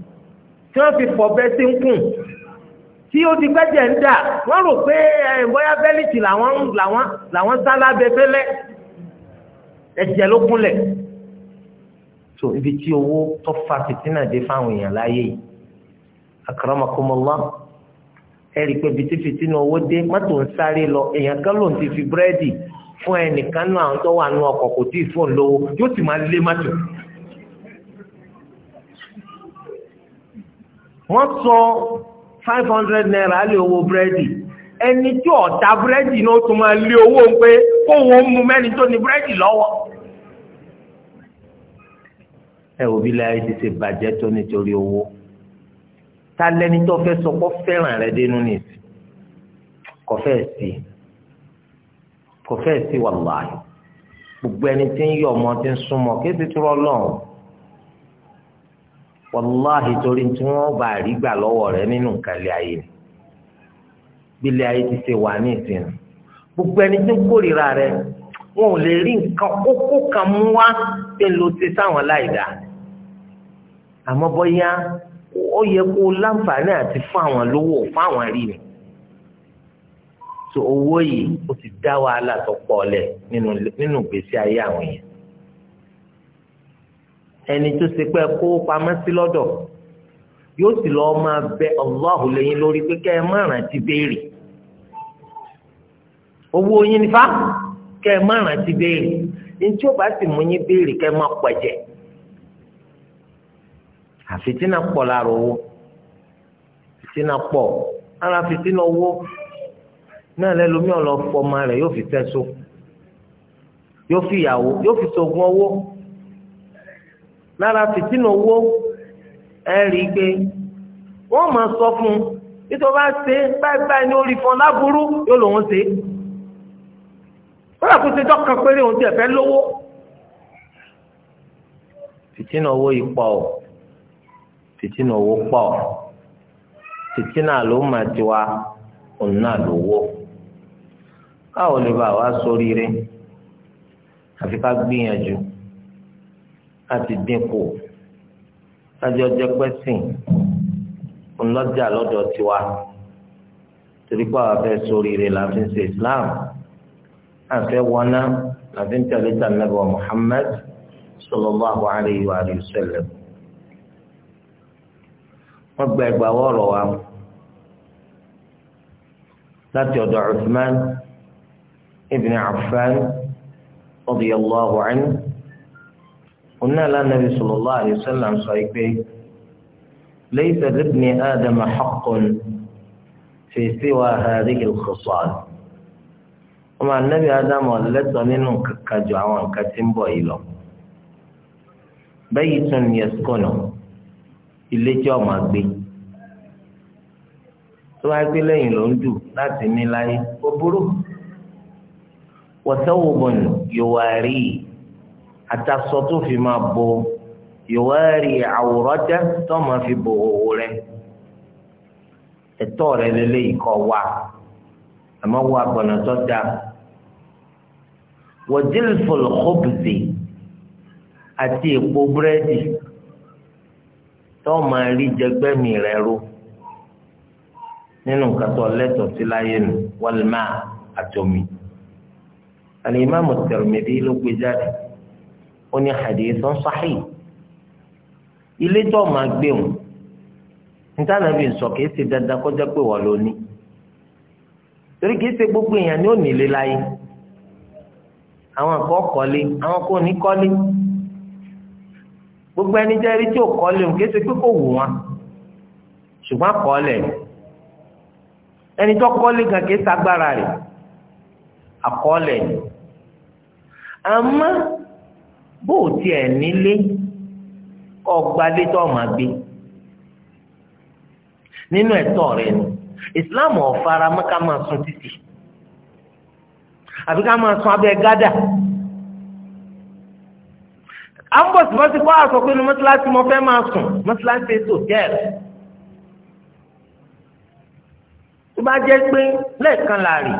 tí wọ́n fi fọ́ bẹ́ẹ́ sí ń kùn tí ó ti gbẹ́jẹ̀ ń dà wọ́n rò pé bóyá bẹ́líìtì làwọn làwọn làwọn sá lábẹ́ fẹ́lẹ́ ẹ̀jẹ̀ ló kúnlẹ̀ tó ibi tí owó tó fa fìtínà dé fáwọn èèyàn láyé yìí akramakumullah ẹ̀rí pé bìtìfìtì ní owó dé mọ́tò ń sáré lọ èèyàn kan ló ń ti fi búrẹ́dì fún ẹnìkan náà àwọn tó wà nù ọkọ̀ kò tí ì fóun lówó yóò sì máa lé mọ́tò. wọ́n sọ five hundred naira lé owó búrẹ́dì ẹni tí ọ̀tá búrẹ́dì náà tún máa lé owó ń pé kóun mú mẹ́ni tó ní búrẹ́dì lọ́wọ́. ẹ wò bí láyé ti ṣe bàjẹ́ tó nítorí owó ta lẹni tó fẹ́ sọ kó fẹ́ràn rẹ dénú ní ìsìn kò fẹ́ sí kò fẹ́ sí wàláhì gbogbo ẹni tí ń yọ ọmọ tí ń súnmọ́ kí ti túrọ lọ́hùn wàláhì torí tí wọ́n bá rí gbà lọ́wọ́ rẹ nínú nǹkan ayé ni gbélé ayé ti ṣe wà ní ìsìn gbogbo ẹni tí ń kórìíra rẹ wọn ò lè rí nǹkan kókó kan mú wá pé ló ti sáwọn láì dáa àmọ́ bọ́yá ó yẹ kó láǹfààní àti fún àwọn lówó fún àwọn rí ni so owó yìí ó ti dá wàhálà tó pọ̀ lẹ̀ nínú nínú ìgbésí ayé àwọn yẹn ẹni tó ṣe pé kó pamọ́ sí lọ́dọ̀ yóò sì lọ́ọ́ máa bẹ ọlọ́hùn lẹ́yìn lórí pé kẹ́ ẹ má rántí béèrè owó yín nífà kẹ́ ẹ má rántí béèrè ní tí ó bá sì mú yín béèrè kẹ́ ẹ má pẹ̀jẹ́ àfitínà pọ̀ lára owó fìtínà pọ̀ lára fìtínà owó náà lẹ́lómi ọ̀lọ́ fọmọ rẹ̀ yóò fi tẹ́só yóò fi ìyàwó yóò fi sògùn owó lára fìtínà owó ẹ rí i pé wọ́n máa sọ fún un nítorí bá ṣe báyìí báyìí ní orí fún ọ láburú yóò lòun ṣe wọ́n àkóso ìjọ kan péré òun ti ẹ̀fẹ́ lówó fìtínà owó yìí pọ̀ ọ́ fìtínà owó pọ̀ fìtínà ló mà tiwa òun náà ló wó káwọn lè bá wa sóríire àfi ká gbìyànjú láti dínkù láti ọjọ́ pẹ́sìn ńlọ́jà lọ́dọ̀ tiwa torí pé àwọn afẹ́ sóríire la fi ń ṣe Islam àfẹ́ wọná la fi ń tẹ̀lé tànàbọ̀ Muhammad sallallahu alayhi wa sallam wọ́n gba ẹgbàá wọ́ọ̀rọ̀ wa láti ọ̀dọ̀ Uthman ibn Affan radiyallahu anhu oní alánàbí sallallahu alayhi wa sallam sọ pé laysa libni Adama haqqun fi siwa hadhihi al-khisal ọmọ anabi adamu ọlẹtọ nínú kàkàjọ àwọn nǹkan tí ń bọ̀ yìí lọ baytun yaskunu ilé tí ọmọ gbé tó wáá gbé lẹ́yìn ló ń dù láti ní láyé ó burú wọ́sẹ̀wòbọ̀n yòówá rí àtàsọ tó fi máa bo yòówá rí àwòrán jẹ́ tó máa fi bo òwò rẹ̀ ẹ̀tọ́ rẹ̀ lélẹ́yìí kọ́ wa àmọ́ wọ agbọ̀nà tó dáa wọ́dìlfọ̀lù kọ́bùdì àti èpo búrẹ́dì tó máa rí jẹgbẹ́mì rẹ ro nínú nǹkan tó lẹ́tọ̀ọ́ sí láyé nu wal ma' àtọ̀mì. al-Imam at-Tirmidhi ló gbé jáde ó ní hadithun sahih ilé tó máa gbé wọn nítaná nsọ kìí ṣe dandan kọjá pé wọ́n ló torí kìí ṣe gbogbo èèyàn ní òní ilé láyé àwọn kan kọ́lé àwọn kan ò ní kọ́lé. gbogbo ẹni jẹ́ tí ò kọ́ léwu kéṣe pé kò wù wọn ṣùgbọ́n kọ́ lẹ̀ ẹni tó kọ́ lé gan kéṣe agbára rẹ̀ àkọọ́lẹ̀ ni àmọ́ bó tiẹ̀ nílé gbé nínú ẹ̀tọ́ rẹ̀ à ń bọ̀ sí wọ́n ti kọ́ àṣọ pé ní mọ́tíláṣí mo fẹ́ máa sùn mọ́tíláṣí ètò gẹ́ẹ̀. tó bá jẹ́ pé lẹ́ẹ̀kan láàrì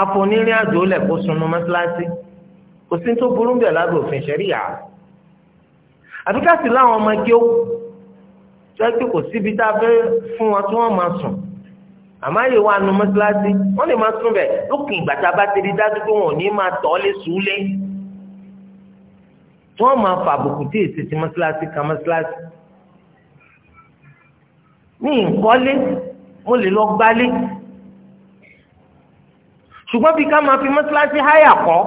àfonírìn àjò lẹ̀ kó sunu mọ́tíláṣí kò sí tó burú bẹ̀ lábẹ́ òfin ṣẹ̀ríyà. àbíkàsí láwọn ọmọ ẹgbẹ́ ó jẹ́ pé kò síbi tá a fẹ́ fún wọn tí wọ́n máa sùn àmọ́ àyè wa nu mọ́tíláṣí wọ́n lè máa sùn bẹ̀ lókè ìgbà tá a bá ti tí wọ́n máa fa àbùkù tí èsì ti mọ́sálásí kan mọ́sálásí. ní ìkọ́lé mo lè lọ gbálé ṣùgbọ́n bí ká máa fi mọ́sálásí háyà kọ́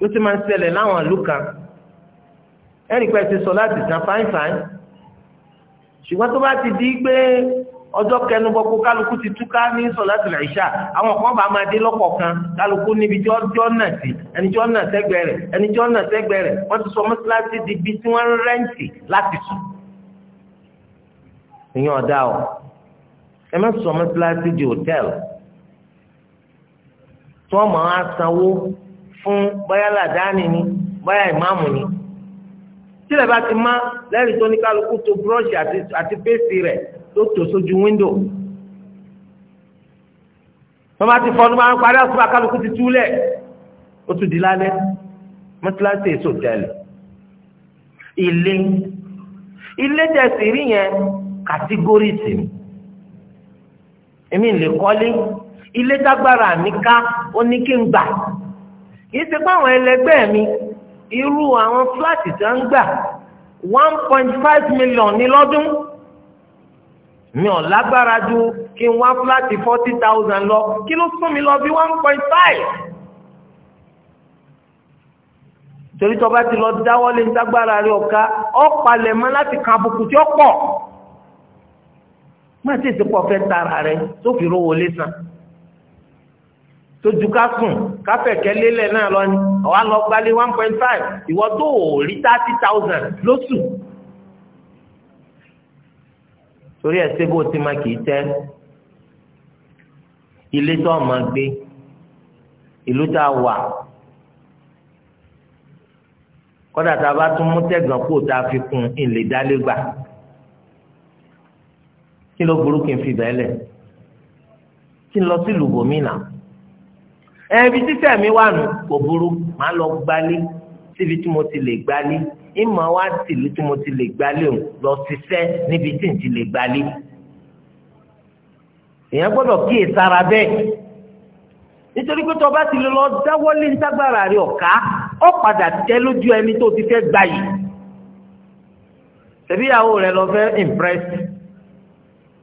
ló ti máa ń ṣẹlẹ̀ láwọn ìlú kan ẹnì pẹ́ ti sọ láti san fáìfáì ṣùgbọ́n tó bá ti di pé ọjọ́ kẹnubọ kó kálukú ti túká ní sọ̀láàtì ìṣà àwọn kan bá máa dé lọ́kọ̀ọ̀kan kálukú níbi tí ọjọ́ náà sí ẹni tí ọ ẹni tí ọ wọ́n ti sọ mọ́sálásí di ibi tí wọ́n ń rẹ́ǹtì láti sùn. ìyẹn ọ̀dà ọ̀ ẹ má sọ mọ́sálásí di hòtẹ́ẹ̀lì tí wọ́n máa ń sanwó fún bóyá làdáni ni bóyá ìmáàmù ni tílẹ̀ bá ti má lẹ́rìí tó ní kálukú tó búrọ́ọ̀ṣì àti tó tò sójú wíńdò wọ́n ti fọdún máa ń parí àsùnwó akálukú ti túlẹ̀ ó tún di lálẹ́ mọ́tíláṣí èso tẹ̀lé ilé ilé tẹ̀sí rí yẹn kàtígórì sí mi èmi lè kọ́lé ilé dágbára mi ká ó kì í ṣe pé àwọn ẹlẹgbẹ́ mi irú àwọn fúláàtì tí wọ́n ń gbà one point five million ní lọ́dún mi ò lágbára ju kí n wá fúláàtì forty thousand lọ kí ló sún mi lọ bí one point five torí tó bá ti lọ dáwọ́lé ń dágbára rí ọ̀ka ọ̀palẹ̀ mọ́ láti kan àbùkù tí ó pọ̀ má sì ti pọ̀ fẹ́ tara rẹ tó fi rówó lé san tójú ká sùn káfẹ̀kẹ́ lélẹ̀ náà lọ ni ọ̀wá lọ gbalé one point five ìwọ tó rí thirty thousand lóṣù torí ẹsẹ bó ti máa kì í tẹ ilé tó ọmọ gbé ìlú tá a wà kódà tá a bá tún mú tẹ̀gàn kó tá a fi kún ilé dálé gbà kí ló burú kí n fi bẹ́ẹ̀ lẹ̀ kí n lọ sí lùbọ̀mínà ẹ̀ẹ́dì títẹ̀ mi wà nù kò burú màá lọ gbálé síbi tí mo ti lè gbálé ìmọ̀ wa tìlú tí mo ti lè gbalé o lọ ṣiṣẹ́ níbi tí n ti lè gbalé èèyàn gbọ́dọ̀ kíyè sára bẹ́ẹ̀ nítorí pé tọba ti lọ dáwọ́lé ntágbára rẹ ọ̀ká ó padà tẹ lójú ẹni tó ti fẹ́ gbà yìí tẹ̀bí ìyàwó rẹ lọ fẹ́ impress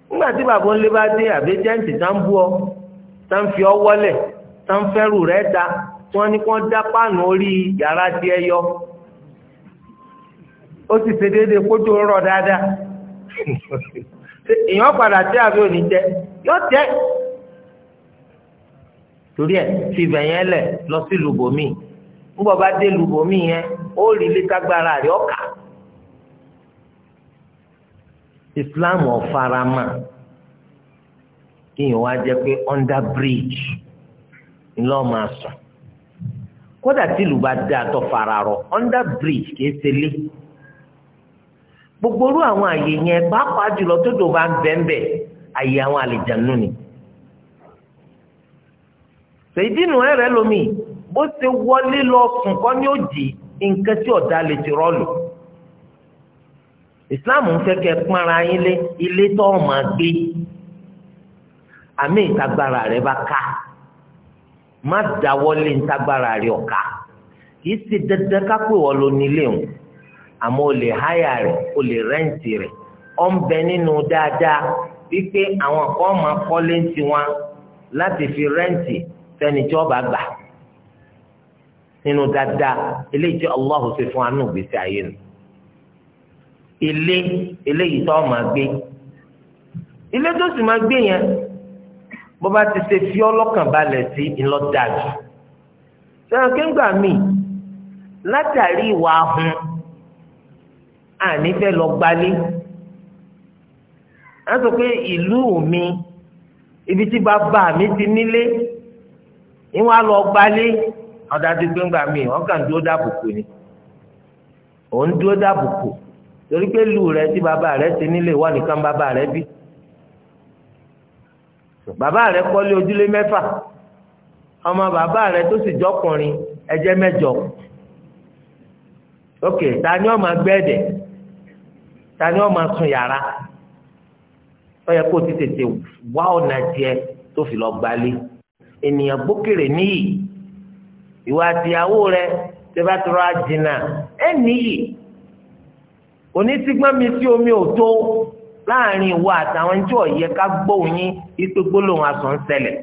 nígbà tí bàbá ńlẹ́ bá dé àbí jẹ́ǹtì tá ń bú ọ tá ń fi ọ wọlé tá ń fẹ́rù rẹ da tí wọ́n ní kí wọ́n dá páànù orí yàrá tiẹ̀ yọ ó ti ṣe déédéé kójú rọ̀ dáadáa èèyàn padà tẹ àbí òní jẹ yóò tẹ torí ẹ fi ibẹ̀ yẹn lẹ̀ lọ sí lùbòmíì ńgbọ bá dé lùbòmíì yẹn ó rí létágbára rẹ̀ ọkà Islam ọ̀farama kíyàn wá jẹ pé under bridge ńlọ máa sùn kódà tí ìlú bá dé àtọ fararọ under bridge kìí ṣe lé. gbogbo orú àwọn àyè yẹn pàápàá jùlọ tó dò bá ń bẹ́ńbẹ́ àyè àwọn àlìjànú ni. ṣèdínú ẹ̀rẹ́ lomi bó ṣe wọlé lọ sùn kọ́ ni ó di nǹkan tí ọ̀dà lè ti rọ́ọ̀lù. ìsìláàmù ń fẹ́ kẹ́ pọ́nra yín lé ilé tó ọ̀ máa gbé àmì ìtagbára rẹ̀ bá ká má dáwọ́lé ìtagbára rẹ̀ ọ̀ka kì í ṣe dandan ká pè wọ́n lónílé òun àmọ́ o lè háyà rẹ̀ o lè rẹ́ǹtì rẹ̀ ọ̀ ń bẹ nínú dáadáa wípé àwọn kan máa kọ́lé ti wọn láti fi rẹ́ǹtì sẹ́ni tí wọ́n bá gbà nínú dáadáa eléyìí tí Allah ṣe fún wa nù gbèsè ayé nu ilé eléyìí tó máa gbé ilé tó sì máa gbé yẹn bó bá ti ṣe fi ọlọ́kàn balẹ̀ sí ńlọ́dàjù sẹ́yìn kéńgbà míì látàrí ìwà ahun àní fẹ́ lọ gbalé a sọ pé ìlú mi ibi tí bàbá mi ti nílé ìwọ́n á lọ gbalé ọ̀dájú pé ń gbà mí wọ́n kàn dúró dábùkù ni òun dúró dábùkù torí pé lù rẹ tí bàbá rẹ ti nílé wọ́n nìkan bàbá rẹ bí bàbá rẹ kọ́lé ojúlé mẹ́fà ọmọ bàbá rẹ tó sì jọkùnrin ẹjẹ mẹ́jọ ok ta ni ọmọ gbẹ́dẹ̀ ta ni wọ́n máa sun yàrá ó yẹ kó o ti tètè wá ọ̀nà jẹ tó fi lọ gbalé ènìyàn gbókèrè níyì ìwà àtìyàwó rẹ tẹ́fàtúrọ̀ àjìnà ẹ̀ níyì onísígbọ́n mi sí omi ò tó láàrin ìwọ àtàwọn tí ọ̀yẹ ká gbóhùn yín ipe gbólóhùn asọ̀ ń ṣẹlẹ̀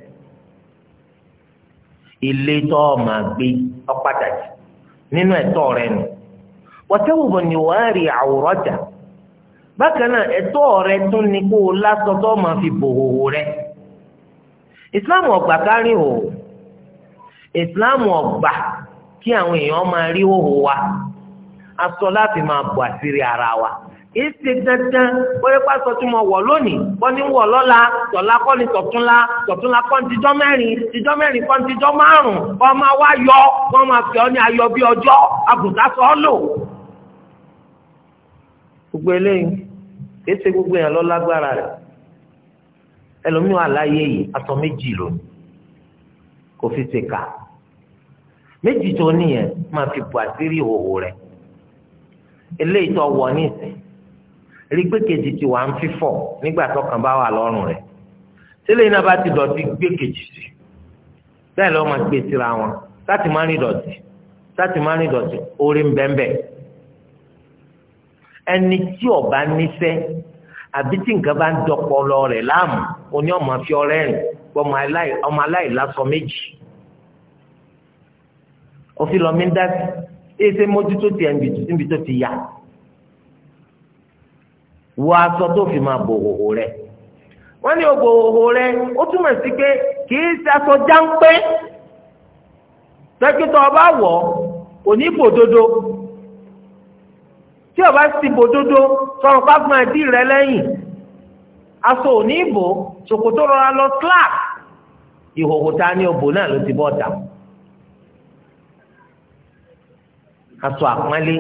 ilé tó ọmọ gbé ọpàtàkì nínú ẹ̀tọ́ rẹ nù wọ́tẹ́wùbọ̀ ni wọ́n á rí àwòrán jà bákan náà ẹ̀tọ́ rẹ tún ni kó o lásọ tó máa fi bò òwò rẹ ìsìláàmù ọgbà kárí òwò ìsìláàmù ọgbà kí àwọn èèyàn máa rí òwò wa aṣọ láti máa bò àṣírí ara wa kìí ṣe dandan wọ́n yẹpa sọ tí mo wọ̀ lónìí wọ́n ní wọ̀ lọ́la tọ̀la kọ́ ni tọ̀túnla tọ̀túnla kọ́ ni tijọ́ mẹ́rin tijọ́ mẹ́rin kọ́ ni tijọ́ márùn-ún wọ́n máa wá yọ wọ́n máa fi ọ ní ayọ̀ bí ọjọ́ àgùntà sọ́ọ́ lò. gbogbo eléyìí kéésì gbogbo yẹn lọ lágbára ẹlòmíràn yìí atọ méjì lónìí kò fi ṣe kà méjì tó níyẹn máa fi bu àṣírí ìhòòhò rẹ̀ eléyìí tó wọ rí pé kejì ti wà ń fífọ̀ nígbà tó kàn bá wà lọrùn rẹ̀ iná bá ti gbé kejì sí lọ máa gbé síra wọn láti má láti má orí ń bẹ́ẹ̀ ẹni tí ọba nífẹ̀ àbí tí nǹkan bá ń dọpọlọ rẹ̀ láàmú oní ọmọ fi ọrẹ rìn ọmọ aláìlásọ méjì òfin lọmi ń dá sí ẹsẹ mójútó tiẹ̀ níbi tó ti yá wọ aṣọ tó fi máa bò hòhò rẹ̀ wọ́n ní òbò hòhò rẹ̀ ó túmọ̀ sí pé kì ṣe aṣọ jáńpé dókítà ọba wọ̀ kò ní bòdodo tí o bá sì bòdodo sọ̀rọ̀ pàgbọ́n ẹ̀dí rẹ lẹ́yìn aṣọ òní ìbò ṣòkòtò rọra lọ slack ìhòhò ta ní òbò náà ló ti bọ́ ta aṣọ àpọ́nlé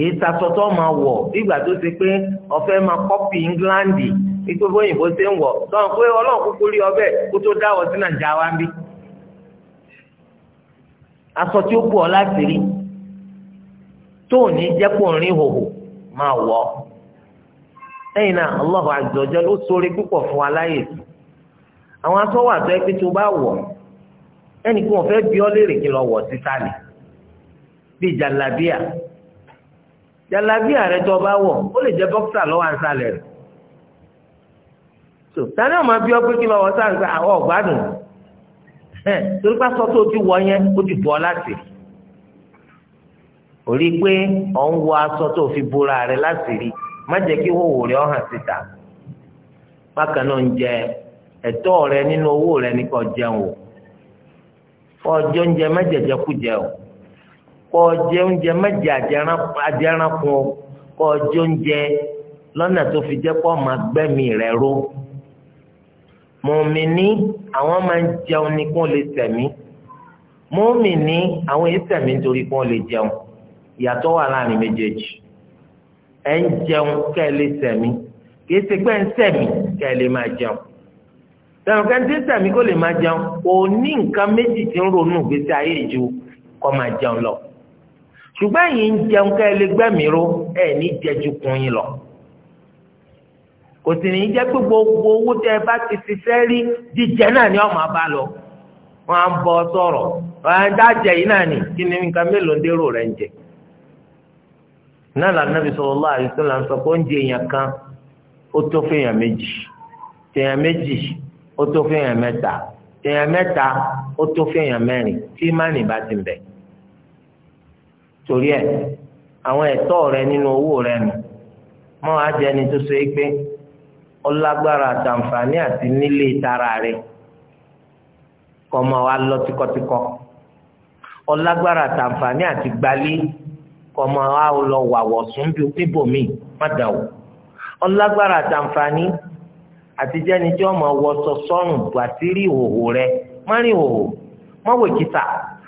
èyí tasọ tó máa wọ̀ ìgbà tó ṣe pé ọ̀fẹ́ máa kọ́pì ńgíláǹdì ikú bóyìnbó ṣe ń wọ̀ sọ̀rọ̀ pé ọlọ́run kúkú rí ọbẹ̀ kó tó dáwọ́ sí nàìjíríà wá bí aṣọ tí ó bù ọ láti rí. tó ní jẹ́pọ̀ rìn hòhò máa wọ̀ ọ́ lẹ́yìn náà Allahu azza ló sórí púpọ̀ fún wa láyè sí àwọn asọ́wọ́ àtọ́ ẹ pé tó bá wọ̀ ẹnì kí wọ́n fẹ́ bí ọ́ léèrè kí lọ wọ̀ sísàlẹ̀ bíi jàlábíà jàlábíà rẹ tó bá wọ̀ ó lè jẹ́ bọ́ksà lọ́wọ́ àǹsàlẹ̀ rẹ̀ tani ọmọ bí ọ pé kí lọ wọ̀ àwọn orí pé ọ̀ ń wọ aṣọ tó fi bora rẹ láti rí má jẹ́ kí wòwò rẹ ọ̀hàn síta bákan náà ń jẹ ẹ̀tọ́ rẹ nínú owó rẹ ní kó jẹun o kó jẹ oúnjẹ má jẹjẹ kú jẹ o kó jẹ oúnjẹ má jẹ àjẹrán o kó jẹ oúnjẹ lọ́nà tó fi jẹ́ pọ́ máa gbẹ́mí rẹ ró mọ̀mìnì àwọn máa ń jẹun ní kó lè tẹ̀mí mọ̀mìnì àwọn èyí tẹ̀mí nítorí kó lè jẹun ìyàtọ̀ wà láàrin méjèèjì ẹ ń jẹun kẹ́ ẹ lè sẹ̀mí kìí ṣe pé ẹ ń sẹ̀mí kẹ́ ẹ lè máa jẹun tẹ̀wọ̀n kẹ́ ń tí sẹ̀mí kó lè máa jẹun kò ní nǹkan méjì tí ń ronú gbèsè ayé ju kọ́ máa jẹun lọ ṣùgbọ́n ẹ̀yin ń jẹun kẹ́ ẹ lè gbẹ́mìí ró ẹ̀ ní jẹjú kun yín lọ kò sì ní jẹ́ pé gbogbo owó tẹ́ ẹ bá ti ṣiṣẹ́ rí jíjẹ náà ni ọmọ bá lọ wọ́n á ń bọ́ sọ̀rọ̀ ẹ̀ ń dá jẹ yìí náà nì kí ni nǹkan mélòó ń dérò rẹ̀ ń jẹ náà lànàbì sallallahu alaihi wasallam sọ pé oúnjẹ èèyàn kan ó tó fẹ́yàn méjì tèèyàn méjì ó tó fẹ́yàn mẹ́ta tèèyàn mẹ́ta ó tó fẹ́yàn mẹ́rin tí mánì bá ti bẹ torí ẹ àwọn ẹ̀tọ́ rẹ nínú owó rẹ nù mọ àjẹni tó so é pé ọlágbára àtàǹfààní àti nílé tara rẹ kọmọ wa lọ tíkọtíkọ ọlágbára àtàǹfààní àti gbalé. kọmọ àwọn lọ wàwọ̀ sùn bí níbòmí má dà o ọlágbára àtàǹfààní àtijẹ́ni tí wọ́n máa wọ sọ́sọ́rùn àti rí ìhòhò rẹ má rí ìhòhò má wò kìtà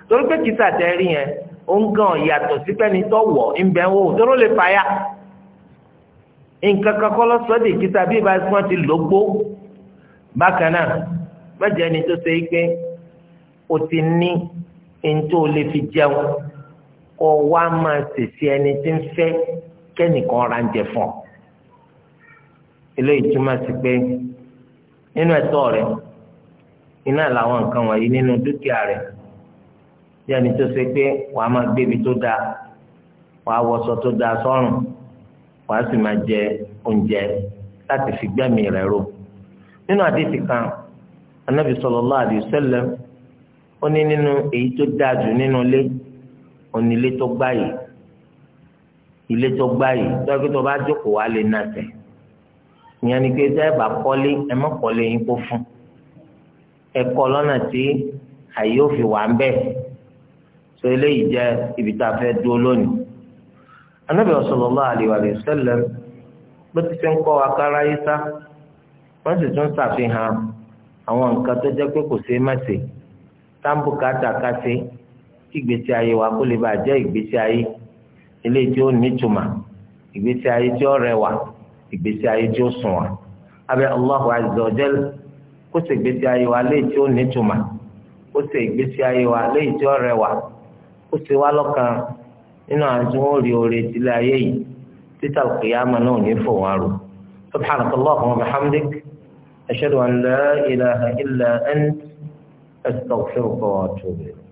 torí pé kìtà tẹ rí yẹn ó ń gan ìyàtọ̀ sí pẹ́ni tó wọ̀ ńbẹ́ wò tóró lè fàyà nǹkan kan kọ́ lọ́sọ̀dẹ̀ kìtà bí ìbá tí wọ́n ti lò gbó bákan náà mẹ́jẹ̀ẹ́ni tó ṣe é pé o ti ní ẹni tó lè fi jẹun kọ́ wá máa ṣèṣe ẹni tí ń fẹ́ kẹ́nìkan ra ń jẹ fún ọ. eléyìí túmọ̀ sí pé nínú ẹ̀tọ́ rẹ iná làwọn nǹkan wọ̀nyí nínú dúkìá rẹ bí ẹni tó ṣe pé wà wàá máa gbébi tó dáa wà á wọṣọ tó dáa sọ́run, wà á sì máa jẹ oúnjẹ láti fi gbẹ́mí rẹ̀ ró nínú àdéhìí kan anábì sallallahu alaihi ó ní nínú èyí tó dáa jù nínú ilé. òní ilé tó gbáyé ilé tó gbáyé tọ́jú tó bá jókòó wá lè nà tẹ̀ ìyẹn ni pé sẹ́ẹ̀bà kọ́lé ẹ má kọ́lé yín kó fún ẹ kọ́ lọ́nà tí àyè òfin wà ń bẹ̀ so eléyìí jẹ́ ibi tá a fẹ́ dúró lónìí Ànábì sallallahu alaihi wa sallam bó ti fi ń kọ́ akára yìí sá wọ́n sì tún ṣàfihàn àwọn nǹkan tó jẹ́ pé kò ṣeé má táǹbù kàtàkàtì kí ìgbésí ayé wa kó lè bàa jẹ́ ìgbésí ayé eléyìí tí ó nítumọ̀ ìgbésí ayé tí ó rẹwà ìgbésí ayé tí ó sùn wà abẹ́ Allahu azza wa jal kó ṣe ìgbésí ayé wa léyìí tí ó nítumọ̀ kó ṣe ìgbésí ayé wa léyìí tí ó rẹwà kó ṣe wá lọ́kàn nínú àwọn wọ́n rí oore tilẹ̀ ayé yìí títà kìyàmà náà ní fò wọn rò subhanaka wa bihamdik ashhadu an la ilaha illa ant astaghfiruka wa atubu ilayk.